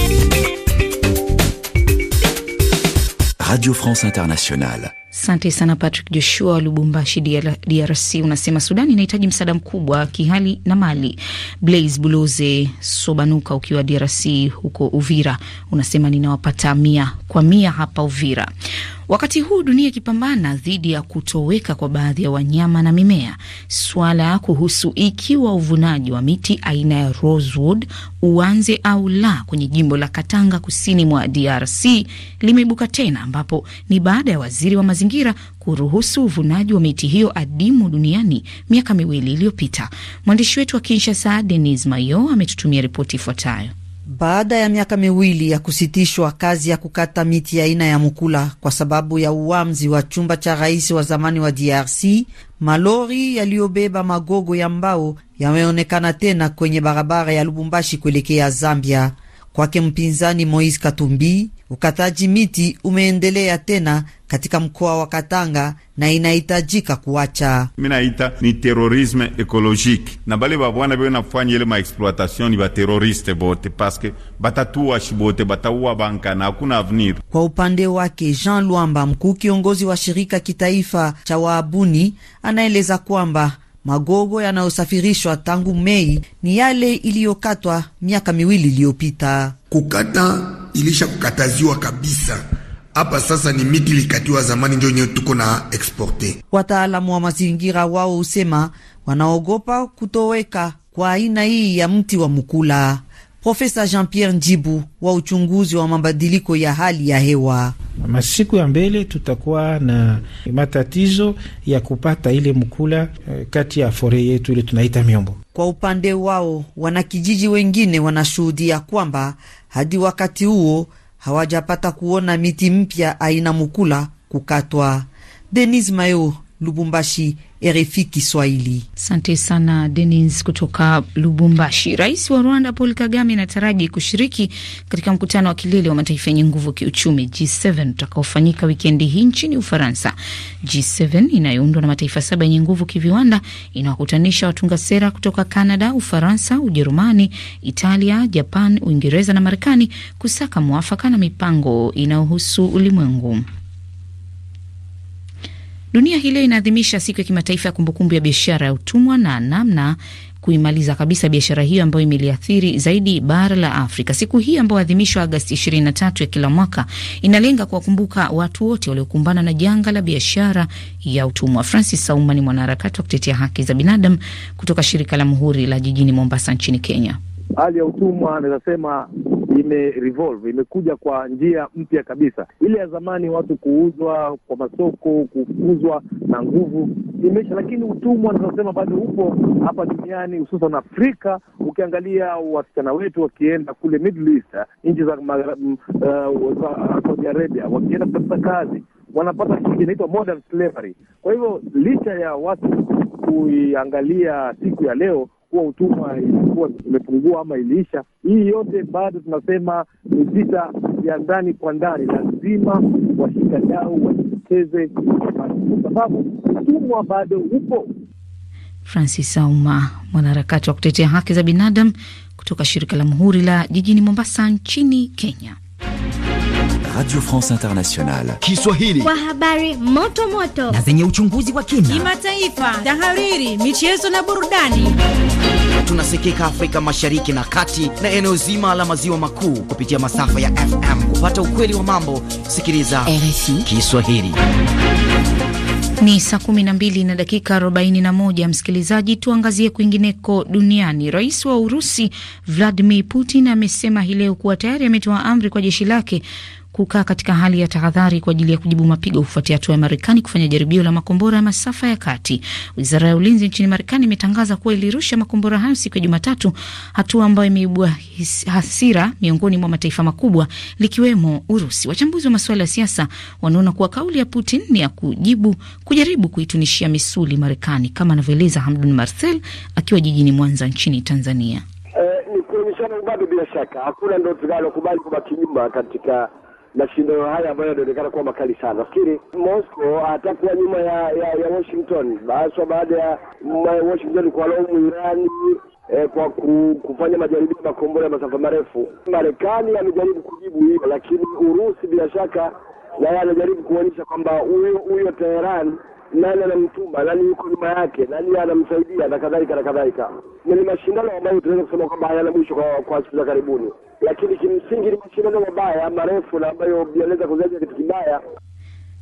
Radio France Internationale. Asante sana Patrick Joshua wa Lubumbashi, DRC. Unasema Sudani inahitaji msaada mkubwa kihali na mali. Blaise Buloze Sobanuka ukiwa DRC huko Uvira unasema ninawapata mia kwa mia hapa Uvira. Wakati huu dunia ikipambana dhidi ya kutoweka kwa baadhi ya wanyama na mimea, swala kuhusu ikiwa uvunaji wa miti aina ya rosewood uanze au la kwenye jimbo la Katanga kusini mwa DRC limeibuka tena, ambapo ni baada ya waziri wa mazingira kuruhusu uvunaji wa miti hiyo adimu duniani miaka miwili iliyopita. Mwandishi wetu wa Kinshasa Denis Mayo ametutumia ripoti ifuatayo. Baada ya miaka miwili ya kusitishwa kazi ya kukata miti ya aina ya mukula kwa sababu ya uwamzi wa chumba cha rais wa zamani wa DRC, malori yaliyobeba magogo ya mbao yameonekana tena kwenye barabara ya Lubumbashi kuelekea Zambia kwake mpinzani Moise Katumbi, ukataji miti umeendelea tena katika mkoa wa Katanga na inahitajika kuacha. naita ni terorisme ekologike na bale babwana nafanya ile maexploitation ni bateroriste bote paske batatuashi bote batauwa bankana, hakuna avenir. Kwa upande wake Jean lwamba mkuu kiongozi wa shirika kitaifa cha waabuni, anaeleza kwamba Magogo yanayosafirishwa tangu Mei ni yale iliyokatwa miaka miwili iliyopita. Kukata ilishakukataziwa kabisa hapa sasa ni miti ilikatiwa zamani ndio yenyewe tuko na exporte. Wataalamu wa mazingira wao husema wanaogopa kutoweka kwa aina hii ya mti wa mkula. Profesa Jean-Pierre Njibu wa uchunguzi wa mabadiliko ya hali ya hewa. Masiku ya mbele tutakuwa na matatizo ya kupata ile mkula eh, kati ya fore yetu ile tunaita miombo. Kwa upande wao, wanakijiji wengine wanashuhudia kwamba hadi wakati huo hawajapata kuona miti mpya aina mkula kukatwa. Denis Mayo Lubumbashi, RFI Kiswahili. Asante sana Denis kutoka Lubumbashi. Rais wa Rwanda Paul Kagame anataraji kushiriki katika mkutano wa kilele wa mataifa yenye nguvu kiuchumi G7 utakaofanyika wikendi hii nchini Ufaransa. G7 inayoundwa na mataifa saba yenye nguvu kiviwanda inawakutanisha watunga sera kutoka Canada, Ufaransa, Ujerumani, Italia, Japan, Uingereza na Marekani kusaka mwafaka na mipango inayohusu ulimwengu. Dunia hii leo inaadhimisha siku ya kimataifa ya kumbukumbu ya biashara ya utumwa na namna kuimaliza kabisa biashara hiyo ambayo imeliathiri zaidi bara la Afrika. Siku hii ambayo huadhimishwa Agasti 23 ya kila mwaka inalenga kuwakumbuka watu wote waliokumbana na janga la biashara ya utumwa. Francis Sauma ni mwanaharakati wa kutetea haki za binadamu kutoka shirika la Muhuri la jijini Mombasa nchini Kenya hali ya utumwa naweza sema ime revolve imekuja kwa njia mpya kabisa. Ile ya zamani watu kuuzwa kwa masoko, kukuzwa na nguvu imeisha, lakini utumwa tunasema bado upo hapa duniani, hususan Afrika. Ukiangalia wasichana wetu wakienda kule Middle East, nchi za uh, Saudi Arabia, wakienda kutafuta kazi wanapata kitu inaitwa modern slavery. Kwa hivyo licha ya watu kuiangalia siku ya leo kuwa utumwa ilikuwa imepungua ama iliisha. Hii yote bado tunasema ni vita ya ndani kwa ndani, lazima washika dau wajitokeze, kwa sababu utumwa bado upo. Francis Auma, mwanaharakati wa kutetea haki za binadamu kutoka shirika la Muhuri la jijini Mombasa nchini Kenya. Radio France Internationale Kiswahili kwa habari moto moto na zenye uchunguzi wa kina, kimataifa, tahariri, michezo na burudani. Tunasikika Afrika Mashariki na Kati na eneo zima la maziwa makuu kupitia masafa ya FM. Kupata ukweli wa mambo, sikiliza RFI Kiswahili. Ni saa 12 na dakika 41, msikilizaji. Tuangazie kwingineko duniani. Rais wa Urusi Vladimir Putin amesema hii leo kuwa tayari ametoa amri kwa jeshi lake kukaa katika hali ya tahadhari kwa ajili ya kujibu mapigo kufuatia hatua ya Marekani kufanya jaribio la makombora ya masafa ya kati. Wizara ya ulinzi nchini Marekani imetangaza kuwa ilirusha makombora hayo siku ya Jumatatu, hatua ambayo imeibua hasira miongoni mwa mataifa makubwa likiwemo Urusi. Wachambuzi wa masuala ya siasa wanaona kuwa kauli ya Putin ni ya kujibu kujaribu kuitunishia misuli Marekani, kama anavyoeleza Hamdun Marcel akiwa jijini Mwanza nchini Tanzania. Eh, ni kuonyeshana ubabe. Bila shaka hakuna ndo tunalokubali kubaki nyuma katika mashindano haya ambayo yanaonekana kuwa makali sana. Nafikiri Moscow atakuwa nyuma ya, ya, ya Washington haswa baada ya Washington kuwalaumu Irani eh, kwa ku, kufanya majaribio ya makombora ya masafa marefu. Marekani amejaribu kujibu hiyo, lakini Urusi bila shaka naye anajaribu kuonyesha kwamba huyo huyo Teheran nani anamtuma nani yuko nyuma yake, nani anamsaidia na kadhalika na kadhalika. Ni mashindano ambayo tunaweza kusema kwamba hayana mwisho kwa kwa siku za karibuni, lakini kimsingi ni mashindano mabaya marefu na ambayo yanaweza kuzaja kitu kibaya.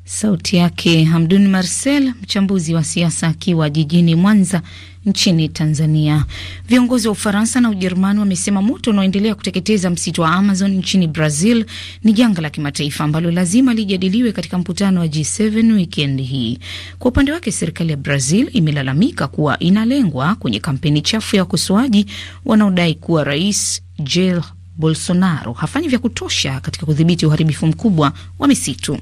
Sauti yake Hamdun Marcel, mchambuzi wa siasa akiwa jijini Mwanza nchini Tanzania. Viongozi wa Ufaransa na Ujerumani wamesema moto unaoendelea kuteketeza msitu wa Amazon nchini Brazil ni janga la kimataifa ambalo lazima lijadiliwe katika mkutano wa G7 wikendi hii. Kwa upande wake, serikali ya Brazil imelalamika kuwa inalengwa kwenye kampeni chafu ya wakosoaji wanaodai kuwa rais Jair Bolsonaro hafanyi vya kutosha katika kudhibiti uharibifu mkubwa wa misitu.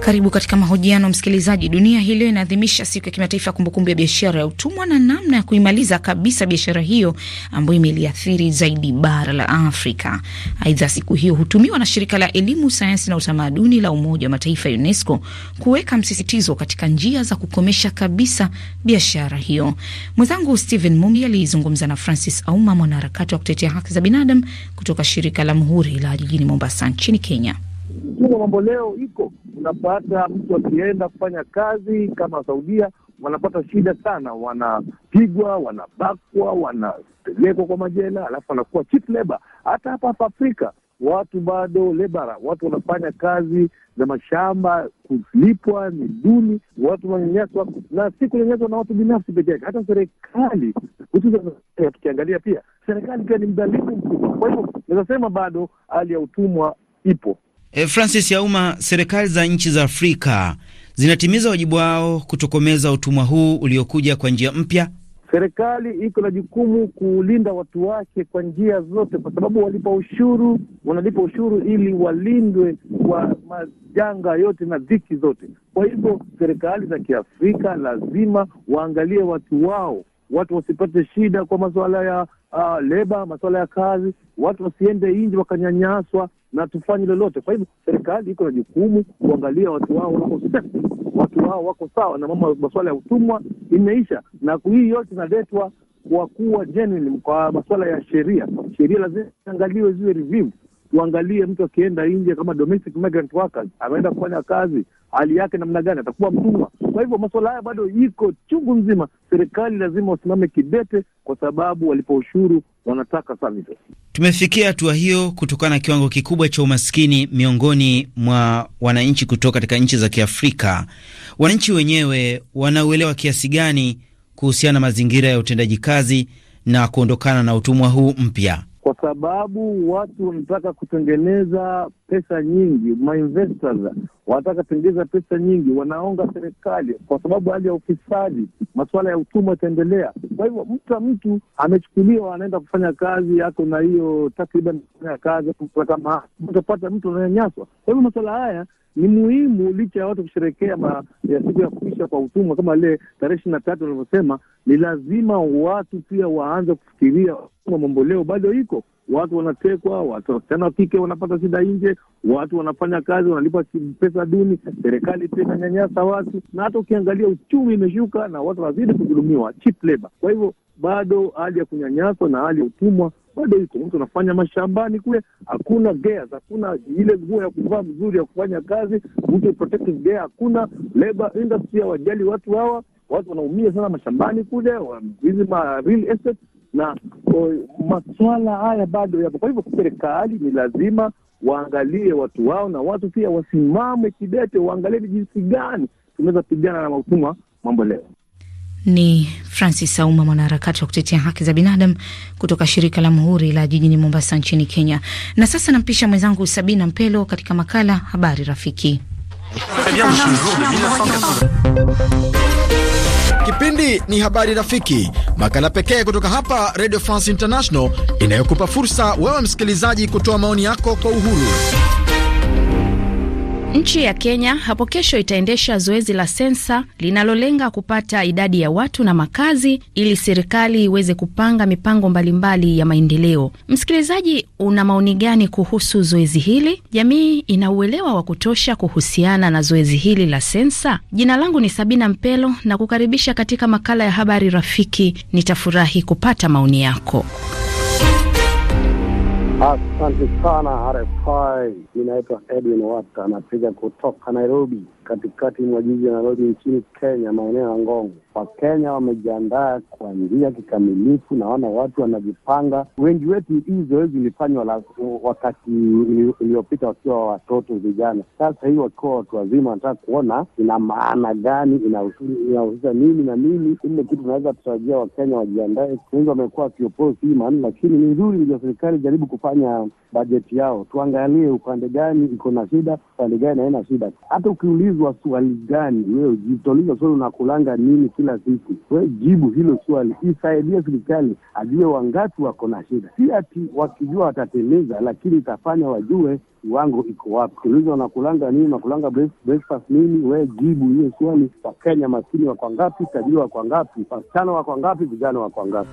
Karibu katika mahojiano msikilizaji. Dunia hii leo inaadhimisha siku ya kimataifa ya kumbukumbu ya biashara ya utumwa na namna ya kuimaliza kabisa biashara hiyo ambayo imeliathiri zaidi bara la Afrika. Aidha, siku hiyo hutumiwa na shirika la elimu, sayansi na utamaduni la Umoja wa Mataifa ya UNESCO kuweka msisitizo katika njia za kukomesha kabisa biashara hiyo. Mwenzangu Stephen Mumbi alizungumza na Francis Auma, mwanaharakati wa kutetea haki za binadamu kutoka shirika la Mhuri la jijini Mombasa nchini Kenya. Tuma mambo leo iko unapata mtu akienda kufanya kazi kama Saudia, wanapata shida sana, wanapigwa, wanabakwa, wanapelekwa kwa majela, alafu wanakuwa cheap labor. Hata hapa hapa Afrika watu bado lebara, watu wanafanya kazi za mashamba, kulipwa ni duni, watu wananyanyaswa, na si kunyanyaswa na watu binafsi peke yake, hata serikali. Tukiangalia pia serikali pia ni mdhalimu mkubwa. Kwa hivyo naweza sema bado hali ya utumwa ipo. E, Francis Yauma, serikali za nchi za Afrika zinatimiza wajibu wao kutokomeza utumwa huu uliokuja kwa njia mpya? Serikali iko na jukumu kulinda watu wake kwa njia zote, kwa sababu walipa ushuru wanalipa ushuru ili walindwe kwa majanga yote na dhiki zote. Kwa hivyo serikali za Kiafrika lazima waangalie watu wao, watu wasipate shida kwa masuala ya uh, leba, masuala ya kazi, watu wasiende nje wakanyanyaswa, na tufanye lolote. Kwa hivyo serikali iko na jukumu kuangalia watu wao wako safe, watu wao wako sawa, na mama masuala ya utumwa imeisha, na hii yote inaletwa kwa kuwa genuine kwa masuala ya sheria. Sheria lazima iangaliwe ziwe review Uangalie mtu akienda nje kama domestic migrant workers, ameenda kufanya kazi, hali yake namna gani? Atakuwa mtumwa. Kwa hivyo masuala haya bado iko chungu nzima. Serikali lazima wasimame kidete, kwa sababu walipo ushuru wanataka services. Tumefikia hatua hiyo kutokana na kiwango kikubwa cha umaskini miongoni mwa wananchi kutoka katika nchi za Kiafrika. Wananchi wenyewe wanauelewa kiasi gani kuhusiana na mazingira ya utendaji kazi na kuondokana na utumwa huu mpya? kwa sababu watu wanataka kutengeneza pesa nyingi, mainvestors wanataka kutengeneza pesa nyingi, wanaonga serikali kwa sababu hali ya ufisadi, masuala ya utumwa itaendelea Kwa hivyo mtu mtu amechukuliwa, anaenda kufanya kazi ako na hiyo takriban kufanya kazi kama utapata mtu ananyanyaswa. Kwa hivyo masuala haya ni muhimu, licha ya watu kusherekea ya siku ya kuisha kwa utumwa kama lile tarehe ishirini na tatu wanavyosema, ni lazima watu pia waanze kufikiria mamboleo bado iko watu wanatekwa, wasichana wa kike wanapata shida nje, watu wanafanya kazi wanalipa pesa duni, serikali pia inanyanyasa watu, na hata ukiangalia uchumi imeshuka na watu wanazidi kudhulumiwa, cheap labor. Kwa hivyo bado hali ya kunyanyaswa na hali ya utumwa bado iko mtu anafanya mashambani kule, hakuna gears, hakuna ile nguo ya kuvaa mzuri ya kufanya kazi, mtu protective gear hakuna. Labor industry wajali watu hawa, watu wanaumia sana mashambani kule, hizi ma real estate na maswala haya bado yapo. Kwa hivyo serikali ni lazima waangalie watu wao, na watu pia wasimame kidete, waangalie ni jinsi gani tunaweza pigana na mautumwa mambo leo. Ni Francis Auma, mwanaharakati wa kutetea haki za binadamu kutoka shirika la Muhuri la jijini Mombasa nchini Kenya. Na sasa nampisha mwenzangu Sabina Mpelo katika makala Habari Rafiki. Kipindi ni Habari Rafiki, makala pekee kutoka hapa Radio France International inayokupa fursa wewe msikilizaji kutoa maoni yako kwa uhuru. Nchi ya Kenya hapo kesho itaendesha zoezi la sensa linalolenga kupata idadi ya watu na makazi ili serikali iweze kupanga mipango mbalimbali ya maendeleo. Msikilizaji, una maoni gani kuhusu zoezi hili? Jamii ina uelewa wa kutosha kuhusiana na zoezi hili la sensa? Jina langu ni Sabina Mpelo na kukaribisha katika makala ya habari rafiki. Nitafurahi kupata maoni yako. Asante sana RFI. Inaitwa Edwin Wata, anapiga kutoka Nairobi katikati mwa jiji Nairobi nchini Kenya, maeneo ya Ngong. Wakenya wamejiandaa kwa njia kikamilifu, naona watu wanajipanga. Wengi wetu, hii zoezi ilifanywa wakati iliyopita wakiwa watoto vijana, sasa hii wakiwa watu wazima. Wanataka kuona ina maana gani, inahusisha nini na nini. Ile kitu tunaweza tutarajia Wakenya wajiandae. Wengi wamekuwa wakiopose hii lakini ni nzuri ndio serikali jaribu kufanya bajeti yao, tuangalie upande gani iko na shida, upande gani haina shida. Hata ukiuliza unaulizwa swali gani, wewe jitoliza swali, unakulanga nini kila siku? We jibu hilo swali, isaidie serikali ajue wangapi wako na shida, si ati wakijua watatimiza, lakini itafanya wajue kiwango iko wapi. Ukiulizwa unakulanga nini, unakulanga breakfast nini, we jibu hiyo swali. Wakenya maskini wako ngapi? Tajiri wako ngapi? Wasichana wako ngapi? Vijana wako ngapi?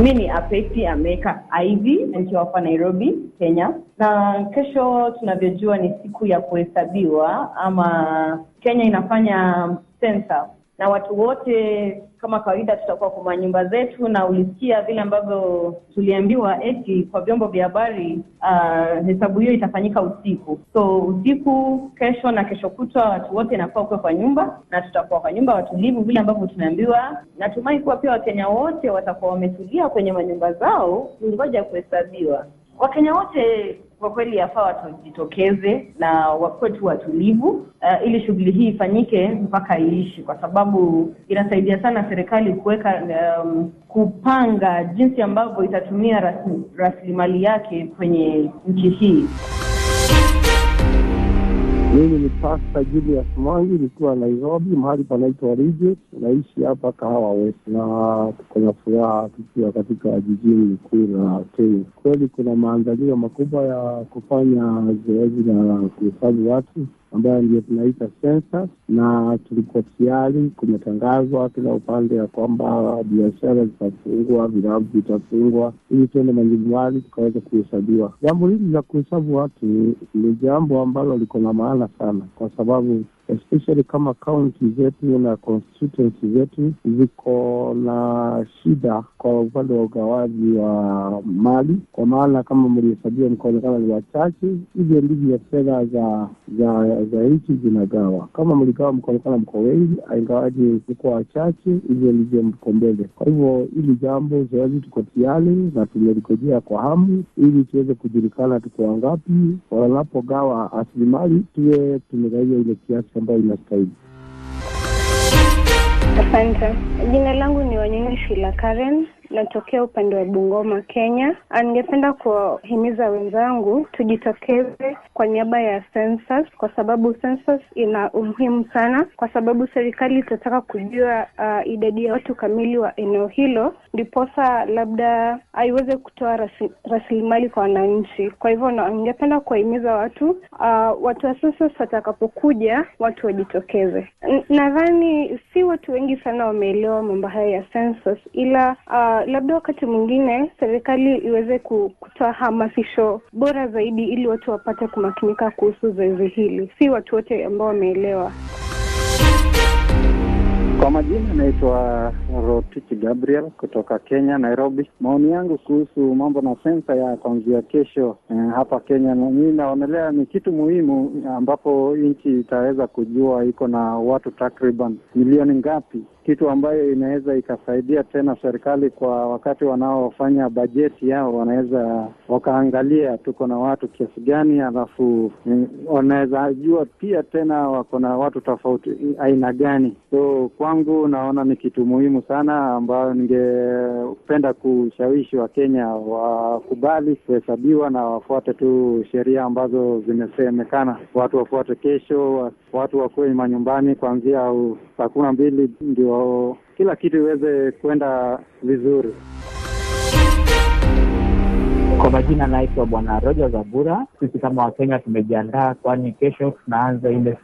Mi ni Apeti Ameka iv nikiwa hapa Nairobi, Kenya, na kesho tunavyojua ni siku ya kuhesabiwa ama Kenya inafanya sensa na watu wote kama kawaida tutakuwa kwa nyumba zetu, na ulisikia vile ambavyo tuliambiwa eti kwa vyombo vya habari uh, hesabu hiyo itafanyika usiku. So usiku kesho na kesho kutwa watu wote inakuwa ukuwe kwa nyumba, na tutakuwa kwa nyumba watulivu vile ambavyo tumeambiwa. Natumai kuwa pia Wakenya wote watakuwa wametulia kwenye manyumba zao, ngoja kuhesabiwa. Wakenya wote kwa kweli yafaa watujitokeze na wakuwe tu watulivu uh, ili shughuli hii ifanyike mpaka iishi, kwa sababu inasaidia sana serikali kuweka um, kupanga jinsi ambavyo itatumia rasilimali yake kwenye nchi hii. Mimi ni Pasta Julius Mwangi, nikiwa Nairobi, mahali panaitwa Rije. Naishi hapa Kahawa West na tuko na furaha tukiwa katika jijini kuu la Kenya. Kweli kuna maandalio makubwa ya kufanya zoezi la kuhifadhi watu ambayo ndio tunaita sensa, na tulikuwa tayari kumetangazwa kila upande ya kwamba biashara zitafungwa, vilabu vitafungwa, ili tuende majumbani tukaweza kuhesabiwa. Jambo hili la kuhesabu watu ni jambo ambalo liko na maana sana, kwa sababu especially kama kaunti zetu na constituency zetu ziko na shida kwa upande wa ugawaji wa mali, kwa maana kama mlihesabia mkaonekana ni wachache, hivyo ndivyo fedha za za za nchi zinagawa. Kama mligawa mkaonekana mko wengi, aingawaji mko wachache, hivyo ndivyo mko mbele. Kwa hivyo hili jambo zoezi tuko tiari na tumelikojea kwa hamu, ili tuweze kujulikana tuko wangapi, wanapogawa asilimali tuwe tumegaia ile kiasi ambayo inastahili. Asante. Jina langu ni Wanyonyi Shila Karen natokea upande wa Bungoma, Kenya. Ah, ningependa kuwahimiza wenzangu tujitokeze kwa niaba ya census, kwa sababu census ina umuhimu sana, kwa sababu serikali itataka kujua uh, idadi ya watu kamili wa eneo hilo, ndiposa labda aiweze kutoa rasilimali kwa wananchi. Kwa hivyo ningependa kuwahimiza watu uh, watu wa census watakapokuja watu wajitokeze. Nadhani si watu wengi sana wameelewa mambo haya ya census, ila uh, labda wakati mwingine serikali iweze kutoa hamasisho bora zaidi, ili watu wapate kumakinika kuhusu zoezi hili. Si watu wote ambao wameelewa. Kwa majina anaitwa Rotich Gabriel kutoka Kenya, Nairobi. Maoni yangu kuhusu mambo na sensa ya kuanzia kesho eh, hapa Kenya, mi naonelea ni kitu muhimu ambapo nchi itaweza kujua iko na watu takriban milioni ngapi kitu ambayo inaweza ikasaidia tena serikali kwa wakati wanaofanya bajeti yao, wanaweza wakaangalia tuko na watu kiasi gani, alafu mm, wanaweza jua pia tena wako na watu tofauti aina gani. So kwangu naona ni kitu muhimu sana ambayo ningependa kushawishi Wakenya wakubali kuhesabiwa na wafuate tu sheria ambazo zimesemekana. Watu wafuate kesho, watu wakuwe manyumbani kuanzia saa kumi na mbili ndio ndio kila kitu iweze kuenda vizuri. Kwa majina naitwa Bwana Roja Zabura. Sisi kama Wakenya tumejiandaa, kwani kesho tunaanza ile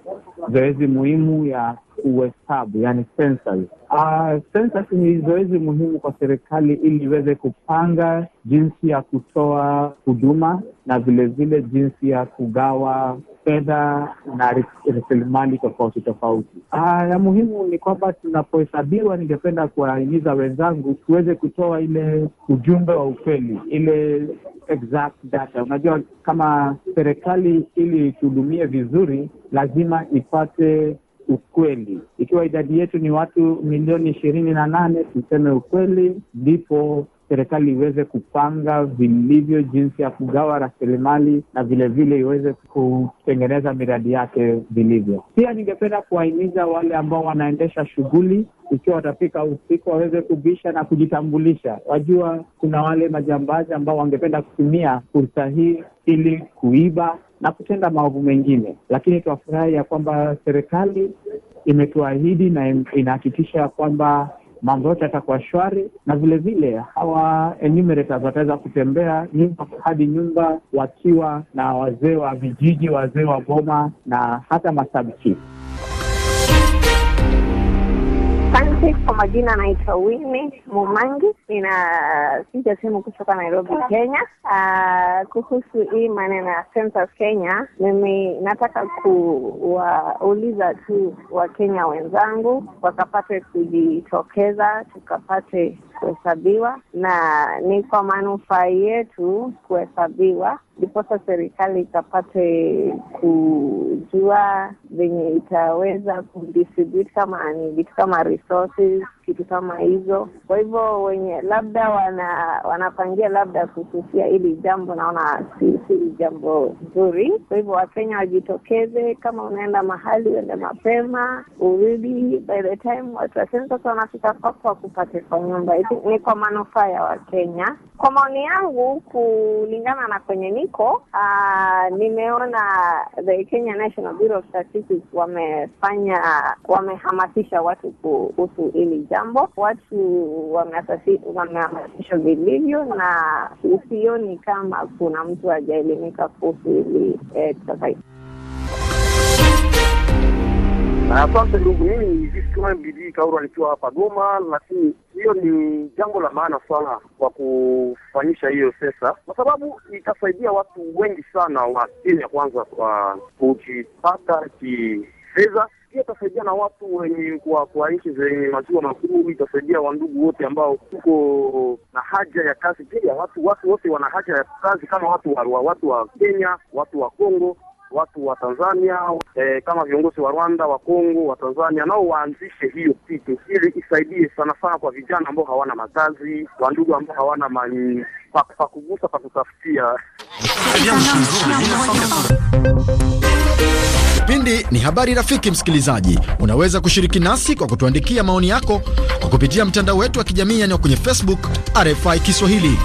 zoezi muhimu ya kuhesabu, yani census. Uh, ah, census ni zoezi muhimu kwa serikali ili iweze kupanga jinsi ya kutoa huduma na vilevile vile jinsi ya kugawa fedha na rasilimali tofauti tofauti. Uh, ya muhimu ni kwamba tunapohesabiwa, ningependa kuwahimiza wenzangu tuweze kutoa ile ujumbe wa ukweli, ile exact data. Unajua, kama serikali ili ituhudumie vizuri, lazima ipate ukweli. Ikiwa idadi yetu ni watu milioni ishirini na nane, tuseme ukweli, ndipo serikali iweze kupanga vilivyo jinsi ya kugawa rasilimali na vilevile iweze kutengeneza miradi yake vilivyo. Pia ningependa kuwahimiza wale ambao wanaendesha shughuli, ikiwa watafika usiku, waweze kubisha na kujitambulisha. Wajua kuna wale majambazi ambao wangependa kutumia fursa hii ili kuiba na kutenda maovu mengine, lakini tuwafurahi ya kwamba serikali imetuahidi na inahakikisha kwamba mambo yote yatakuwa shwari, na vilevile hawa enumerators wataweza kutembea nyumba hadi nyumba, wakiwa na wazee wa vijiji, wazee wa boma na hata masabchifu. Asante kwa majina, anaitwa wini Mumangi, ninapiga simu kutoka Nairobi, Kenya. Aa, ah, kuhusu hii maneno ya Census Kenya, mimi nataka kuwauliza tu Wakenya wenzangu wakapate kujitokeza, tukapate kuhesabiwa, na ni kwa manufaa yetu kuhesabiwa ndiposa serikali ikapate kujua venye itaweza kudistribute kama ni vitu kama resources, kitu kama hizo. Kwa hivyo wenye labda wana wanapangia labda kususia hili jambo, naona si, si jambo nzuri. Kwa hivyo Wakenya wajitokeze, kama unaenda mahali uende mapema, urudi by the time watu waseme wanafika kwako wakupate kwa nyumba. Ni kwa manufaa ya Wakenya kwa maoni yangu, kulingana na kwenye ni iko. Uh, ah, nimeona the Kenya National Bureau of Statistics wamefanya wamehamasisha watu kuhusu hili jambo. Watu wamehamasisha vilivyo, na usioni kama kuna mtu hajaelimika kuhusu hili eh, sasa Asante ndugu, mimi ni Victor Bidi Kaura nikiwa hapa Goma, lakini hiyo ni jambo la maana sana kwa kufanyisha hiyo sesa, kwa sababu itasaidia watu wengi sana wa Kenya, kwanza kwa kujipata kifedha pia itasaidia na watu wenye kwa kwa nchi zenye maziwa makuu. Itasaidia wandugu wote ambao tuko na haja ya kazi pia. Watu watu wote wana haja ya kazi kama watu wa watu wa Kenya, watu wa Kongo, watu wa Tanzania e, kama viongozi wa Rwanda, wa Kongo, wa Tanzania nao waanzishe hiyo kitu ili isaidie sana sana kwa vijana ambao hawana makazi, wa ndugu ambao hawana mali pa kugusa pa kutafutia. Kipindi ni habari rafiki. Msikilizaji, unaweza kushiriki nasi kwa kutuandikia maoni yako kwa kupitia mtandao wetu wa kijamii, yani kwenye Facebook RFI Kiswahili.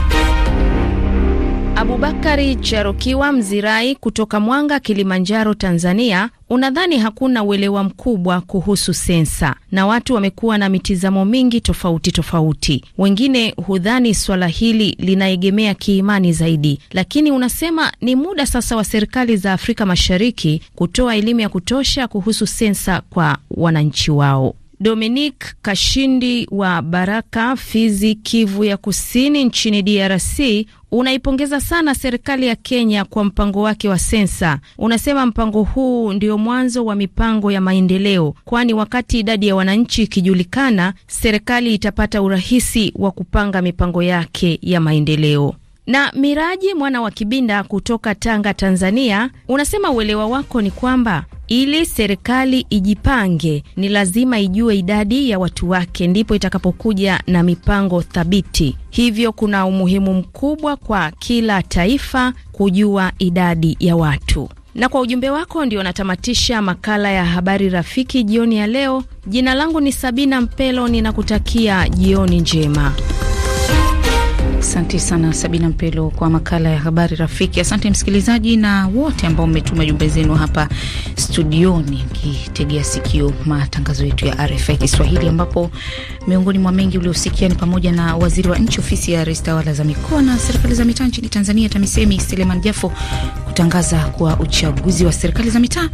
Abubakari charokiwa Mzirai kutoka Mwanga, Kilimanjaro, Tanzania, unadhani hakuna uelewa mkubwa kuhusu sensa na watu wamekuwa na mitizamo mingi tofauti tofauti. Wengine hudhani swala hili linaegemea kiimani zaidi, lakini unasema ni muda sasa wa serikali za Afrika Mashariki kutoa elimu ya kutosha kuhusu sensa kwa wananchi wao. Dominic Kashindi wa Baraka, Fizi, Kivu ya Kusini nchini DRC unaipongeza sana serikali ya Kenya kwa mpango wake wa sensa. Unasema mpango huu ndio mwanzo wa mipango ya maendeleo, kwani wakati idadi ya wananchi ikijulikana, serikali itapata urahisi wa kupanga mipango yake ya maendeleo. Na Miraji mwana wa Kibinda kutoka Tanga, Tanzania, unasema uelewa wako ni kwamba ili serikali ijipange ni lazima ijue idadi ya watu wake, ndipo itakapokuja na mipango thabiti. Hivyo kuna umuhimu mkubwa kwa kila taifa kujua idadi ya watu. Na kwa ujumbe wako ndio natamatisha makala ya habari rafiki jioni ya leo. Jina langu ni Sabina Mpelo, ninakutakia jioni njema. Asante sana Sabina Mpelo kwa makala ya habari rafiki. Asante msikilizaji na wote ambao mmetuma jumbe zenu hapa studioni, mkitegea sikio matangazo yetu ya RFI Kiswahili, ambapo miongoni mwa mengi uliosikia ni pamoja na waziri wa nchi ofisi ya rais tawala za mikoa na serikali za mitaa nchini Tanzania TAMISEMI Seleman Jafo kutangaza kuwa uchaguzi wa serikali za mitaa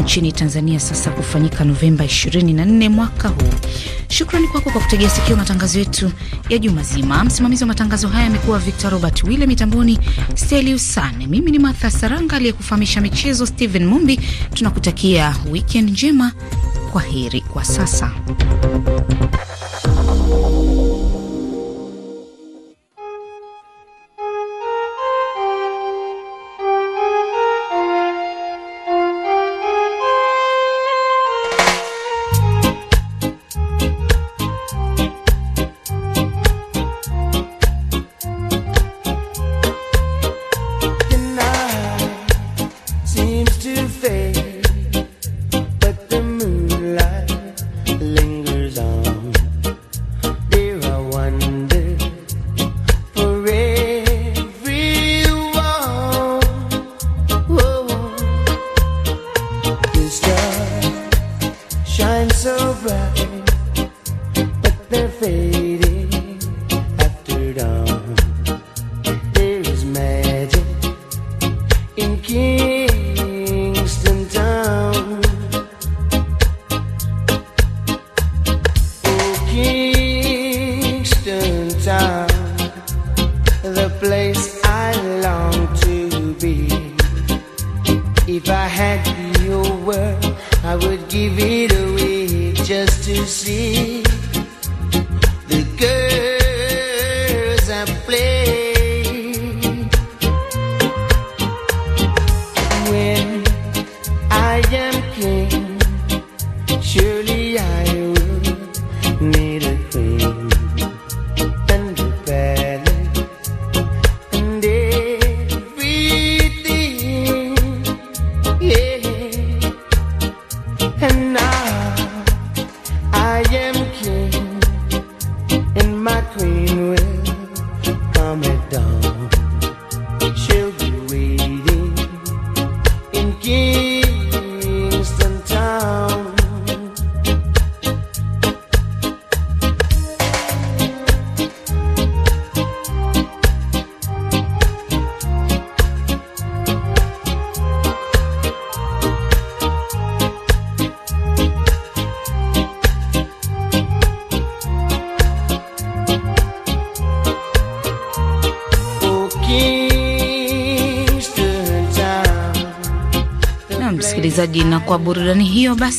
nchini Tanzania sasa kufanyika Novemba 24 mwaka huu. Shukrani kwako kwa kutegea sikio matangazo yetu ya juma zima. Msimamizi wa matangazo haya amekuwa Victor Robert Wille, mitamboni Steliusane. Mimi ni Martha Saranga aliyekufahamisha michezo Stephen Mumbi. Tunakutakia weekend njema. Kwa heri kwa sasa. give it away just to see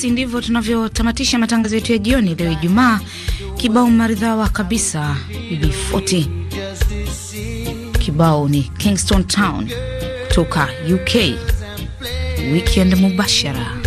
basi ndivyo tunavyotamatisha matangazo yetu ya jioni leo Ijumaa. Kibao maridhawa kabisa B40, kibao ni Kingston Town kutoka UK. Weekend mubashara.